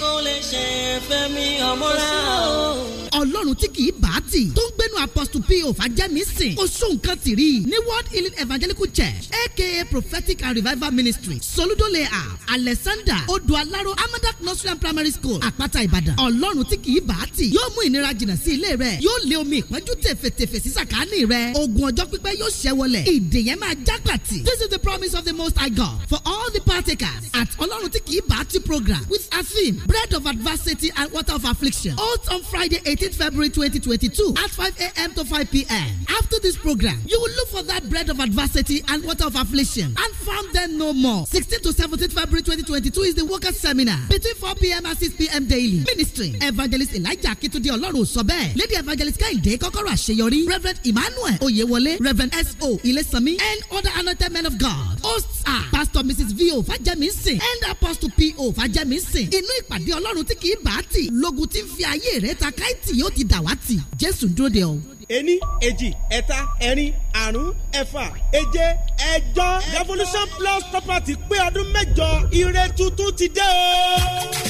kò lè ṣe fẹ́mi ọmọ rẹ̀ o ọlọ́run tí kì í bá tì tó ń gbénu apostle p.o. fàjẹ́mísìn oṣù nǹkan ti rí ní world healing evangelical church aka prophetic and revival ministry soludo layout alexander odualaro amadak nursery and primary school àpáta ìbàdàn ọlọ́run tí kì í bá tì yóò mú ìnira jìnnà sí ilé rẹ yóò lé omi ìpọ́njú tẹ̀fẹ̀tẹ̀fẹ̀ sí sàkáání rẹ ogun ọjọ́ pípẹ́ yóò ṣẹ́ wọlé ìdè yẹn máa já pàtì this is the promise of the most high god for all the partakers at ọlọ́run tí kì bá tì program with a theme bread of adversity and water of affliction out on friday eight 18th February 2022 at 5 a.m. to 5 p.m. After this program, you will look for that bread of adversity and water of affliction and found them no more. 16th to 17th February 2022 is the workers' seminar between 4 p.m. and 6 p.m. daily. Ministry Evangelist Elijah Akitunde Ọlọ́run sọ Lady Evangelist Kẹ́hìndé Kọ́kọ́rọ́ Àṣeyọrí Reverend Emmanuel Oyewole Reverend S.O. Ilesami and other anointed men of God. Hosts are Pastor Mrs. V.O. Fajemisin and Apostle P.O. Fajemisin. Inú ìpàdé Ọlọ́run tí kì í fiaye reta kaiti wákàtí yóò ti dàwátì jésù dúró de ọ ení èjì ẹ̀ta ẹ̀rin àrún ẹ̀fà èje ẹ̀jọ. revolution plus property pé ọdún mẹ́jọ ire tuntun ti dé o.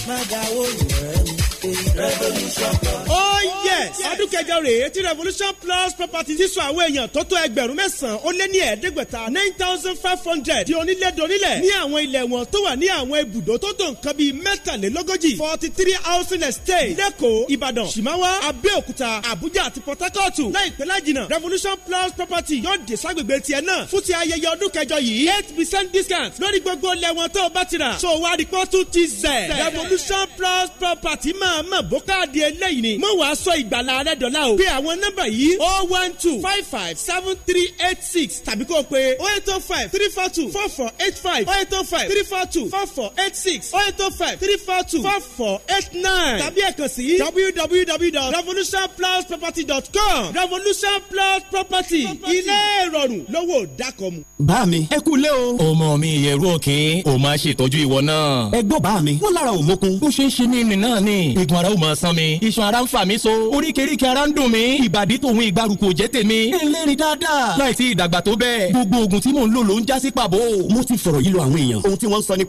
má dáwọ́ ìrẹ́ revolution plus. oh yes ọdún kẹjọ rèé tí revolution plus property ti sọ àwọn èèyàn tó tó ẹgbẹ̀rún mẹ́sàn-án ó lé ní ẹ̀ẹ́dẹ́gbẹ̀ta nine thousand five hundred di onílẹ̀dọ́nílẹ̀ ní àwọn ilẹ̀ wọn tó wà ní àwọn ibùdó tó tó nǹkan bíi mẹ́tàlélógójì forty three housing estate lẹ́kọ̀ọ́ ìbàdàn ṣìmáwá abẹ́òkúta àbújá àti port harcourt láìpẹ́ lájìnà revolution plus property yóò dé ságbègbè tiẹ̀ náà fún ti ayẹyẹ ọdún kẹjọ yìí eight percent discount lórí gbogbo lẹ́wọ̀n tó o bá ti rà so wa rìpọ́ tún ti zẹ̀ revolution plus property máa mọ̀ bó káàdì eléyìí ni mo wàá sọ ìgbàlá rẹ dọ̀la o pé àwọn nọ́mbà yìí oh one two five five seven three eight six tàbí kó o pe oh eight oh five three four two four four eight five oh eight oh five three four two four four eight six oh eight oh five three four two four four eight nine tàbí ẹ̀kan sí www.revolutionplusproperty.com revolution plus property ilé ìrọ̀rùn lówó dákọ̀mù. bá mi ẹ kú lé o. ọmọ mi ìyẹ̀rù òkè ó máa ṣètọ́jú ìwọ náà. ẹ gbọ́ bá mi wọ́n lára ò mókun. ó ṣe é ṣe ní ìrìn náà ni igun ara ó máa san mi iṣan ara ń fà mí so oríkèéríkèé ara ń dùn mí ìbàdí tòun ìgbàrúkọ jẹ́ tèmi. ẹlẹ́rìí dáadáa láì sí ìdàgbà tó bẹ́ẹ̀ gbogbo oògùn tí mò ń lò ló ń já sí pàbó. mo ti fọ̀rọ̀ yìí lọ àwọn èèyàn ohun tí wọ́n sọ ni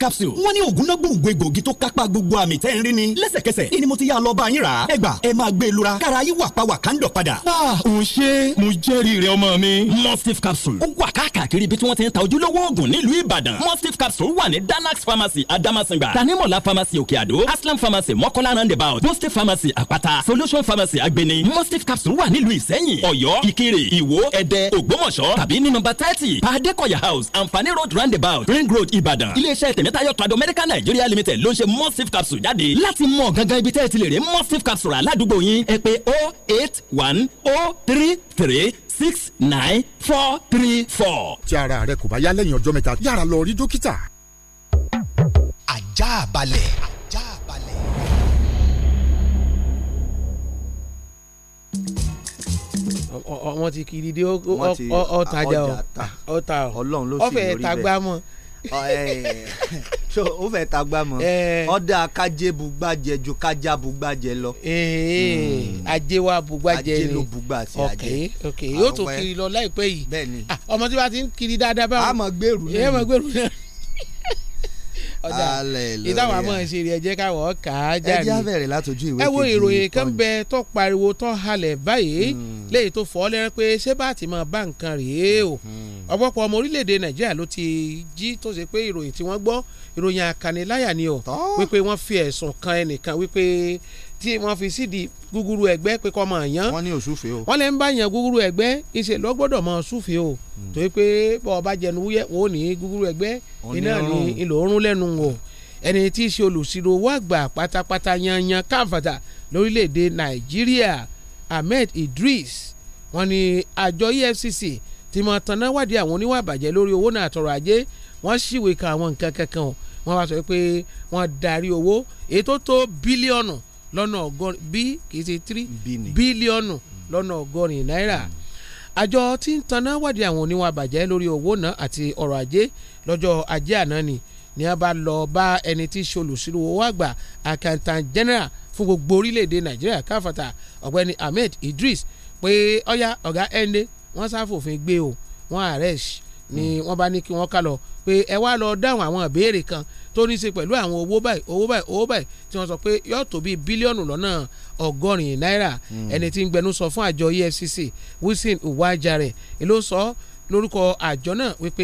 capsule wọ́n ní oògùn náà gbòǹgbò egbògi ni lẹ́sẹ̀kẹsẹ̀ ìní mo ti yá lọ bá yín rà á ẹ gbà e lura kára wà pa wàkàndọ̀ padà. ó ṣe mo jẹ́rìí rẹ ọmọ mi. mustif capsule ó wà káàkiri ibi tí wọ́n ti ń ta ojúlówó oògùn nílùú ìbàdàn mustif capsule wà ní danax pharmacy adamasingba tanimola pharmacy òkè àdó aslam pharmacy mọ́kànlá roundabout boste pharmacy àpáta solution pharmacy àgbẹ̀ni mustif capsule wà nílùú ìsẹ́yìn ọ̀yọ́ ìkirè ìwó ẹ̀dẹ́ ògbómọ̀ṣọ́ tàbí ní nọ́mbà thirty pàdékọ̀yà house anfani road roundabout ring road ìbàdàn iléeṣẹ́ tẹ̀mẹ́tayọ̀ tọ́jú medical nigeria limited ló ń ṣe mustif capsule jáde láti mọ̀ gangan ibi tẹ́ ẹ ti lè rí mustif capsule aládùúgbò yín ẹ pè 0 eight one oh three three six nine four three four. tí ara rẹ kò bá yá lẹ́yìn ọjọ́ mẹ́ta yára lọ rí dókítà. ajá balẹ̀. ajá balẹ̀. wọ́n ti kiri dé ọ̀tajà ọ̀ta ọ̀fẹ́ ẹ̀ta gbámọ́ so ó fẹ́ ta gbá mọ́ ọ̀dà kájé bugbàjẹ́ ju kájá bugbàjẹ́ lọ. Hmm. ajé wa bugbàjẹ́ ni ajé ló bugbà sí ajé. ok ok yóò tó kiri lọ láìpẹ́ yìí ah, ọmọ tí wàá ti ń kiri dáadáa báwọn. a mọ̀ gbèrú náà ọjà ìdáhùn àmọ́ ìṣeré ẹ̀jẹ̀ káwọ̀ ọ̀kà jáde. ẹjẹ́ abẹ́rẹ́ látọjú ìwé kejì ẹ wo ìròyìn kan bẹ tó pariwo tó halẹ̀ báyìí hmm. léyìí tó fọ́ lẹ́rẹ́ pé ṣé bá ti máa bá nǹkan rèé o hmm. ọ̀pọ̀pọ̀ ọmọ orílẹ̀ nàìjíríà ló ti jí tó ṣe pé ìròyìn tí wọ́n gbọ́ ìròyìn àkànníláyà ni o wípé wọ́n fi ẹ̀sùn kan ẹnìkan wípé tí wọ́n fi sídìí gúgúrú ẹ̀gbẹ́ pé kọ́ máa yan wọ́n ní òṣùfè o wọ́n lè ń bá yan gúgúrú ẹ̀gbẹ́ ìṣe lọ́gbọ́dọ̀ máa ṣùfè o hmm. torí pé bọ́ ọba jẹnu wúyẹ́ wọ́n ní gúgúrú ẹ̀gbẹ́ iná ní ìlò oorun lẹ́nu o ẹni tí í ṣe olùsirò owó àgbà pátápátá yanyan káfàtà lórílẹ̀‐èdè Nàìjíríà Ahmed Idris wọ́n ní àjọ EFCC tí mo tanná wádìí àwọn oníwà àbàjẹ́ lórí owó náà àtọrọ̀ ajé wọ́n ṣìwé ka àwọn nǹkan kankan o wọ́n wá sọ pé wọ́n darí owó èyí tó tó bílíọ̀nù lọ́nà ọgọ́rin b kìí ṣe three bílíọ̀nù mm. lọ́nà ọgọ́rin náírà mm. àjọ tí ń taná wádìí àwọn oníwà bàjẹ́ lórí owó náà àti ọrọ̀ ajé lọ́jọ́ ajé àná ni ni a bá lọ bá ẹni tí ṣe olùsírò owó àgbà accountant general fún gbogbo orílẹ̀-èdè nàìjíríà káfàtà ọ̀gbẹ́ni ahmed idris pé ọ̀yá ọ̀gá ẹ̀ndé wọ́n sáfòfin gbé o wọ́n arrest ni mm. wọ́n bá ní kí wọ́n kà lọ pé ẹ wá lọ dáhùn àwọn ìbéèrè kan tó ní í ṣe pẹ̀lú àwọn owó báyìí owó báyìí owó báyìí tí wọ́n sọ pé yóò tó bí bílíọ̀nù lọ́nà ọgọ́rin náírà hmm. ẹni tí ń gbẹnu sọ fún àjọ EFCC Wilson Uwajare ló sọ lórúkọ àjọ náà wípé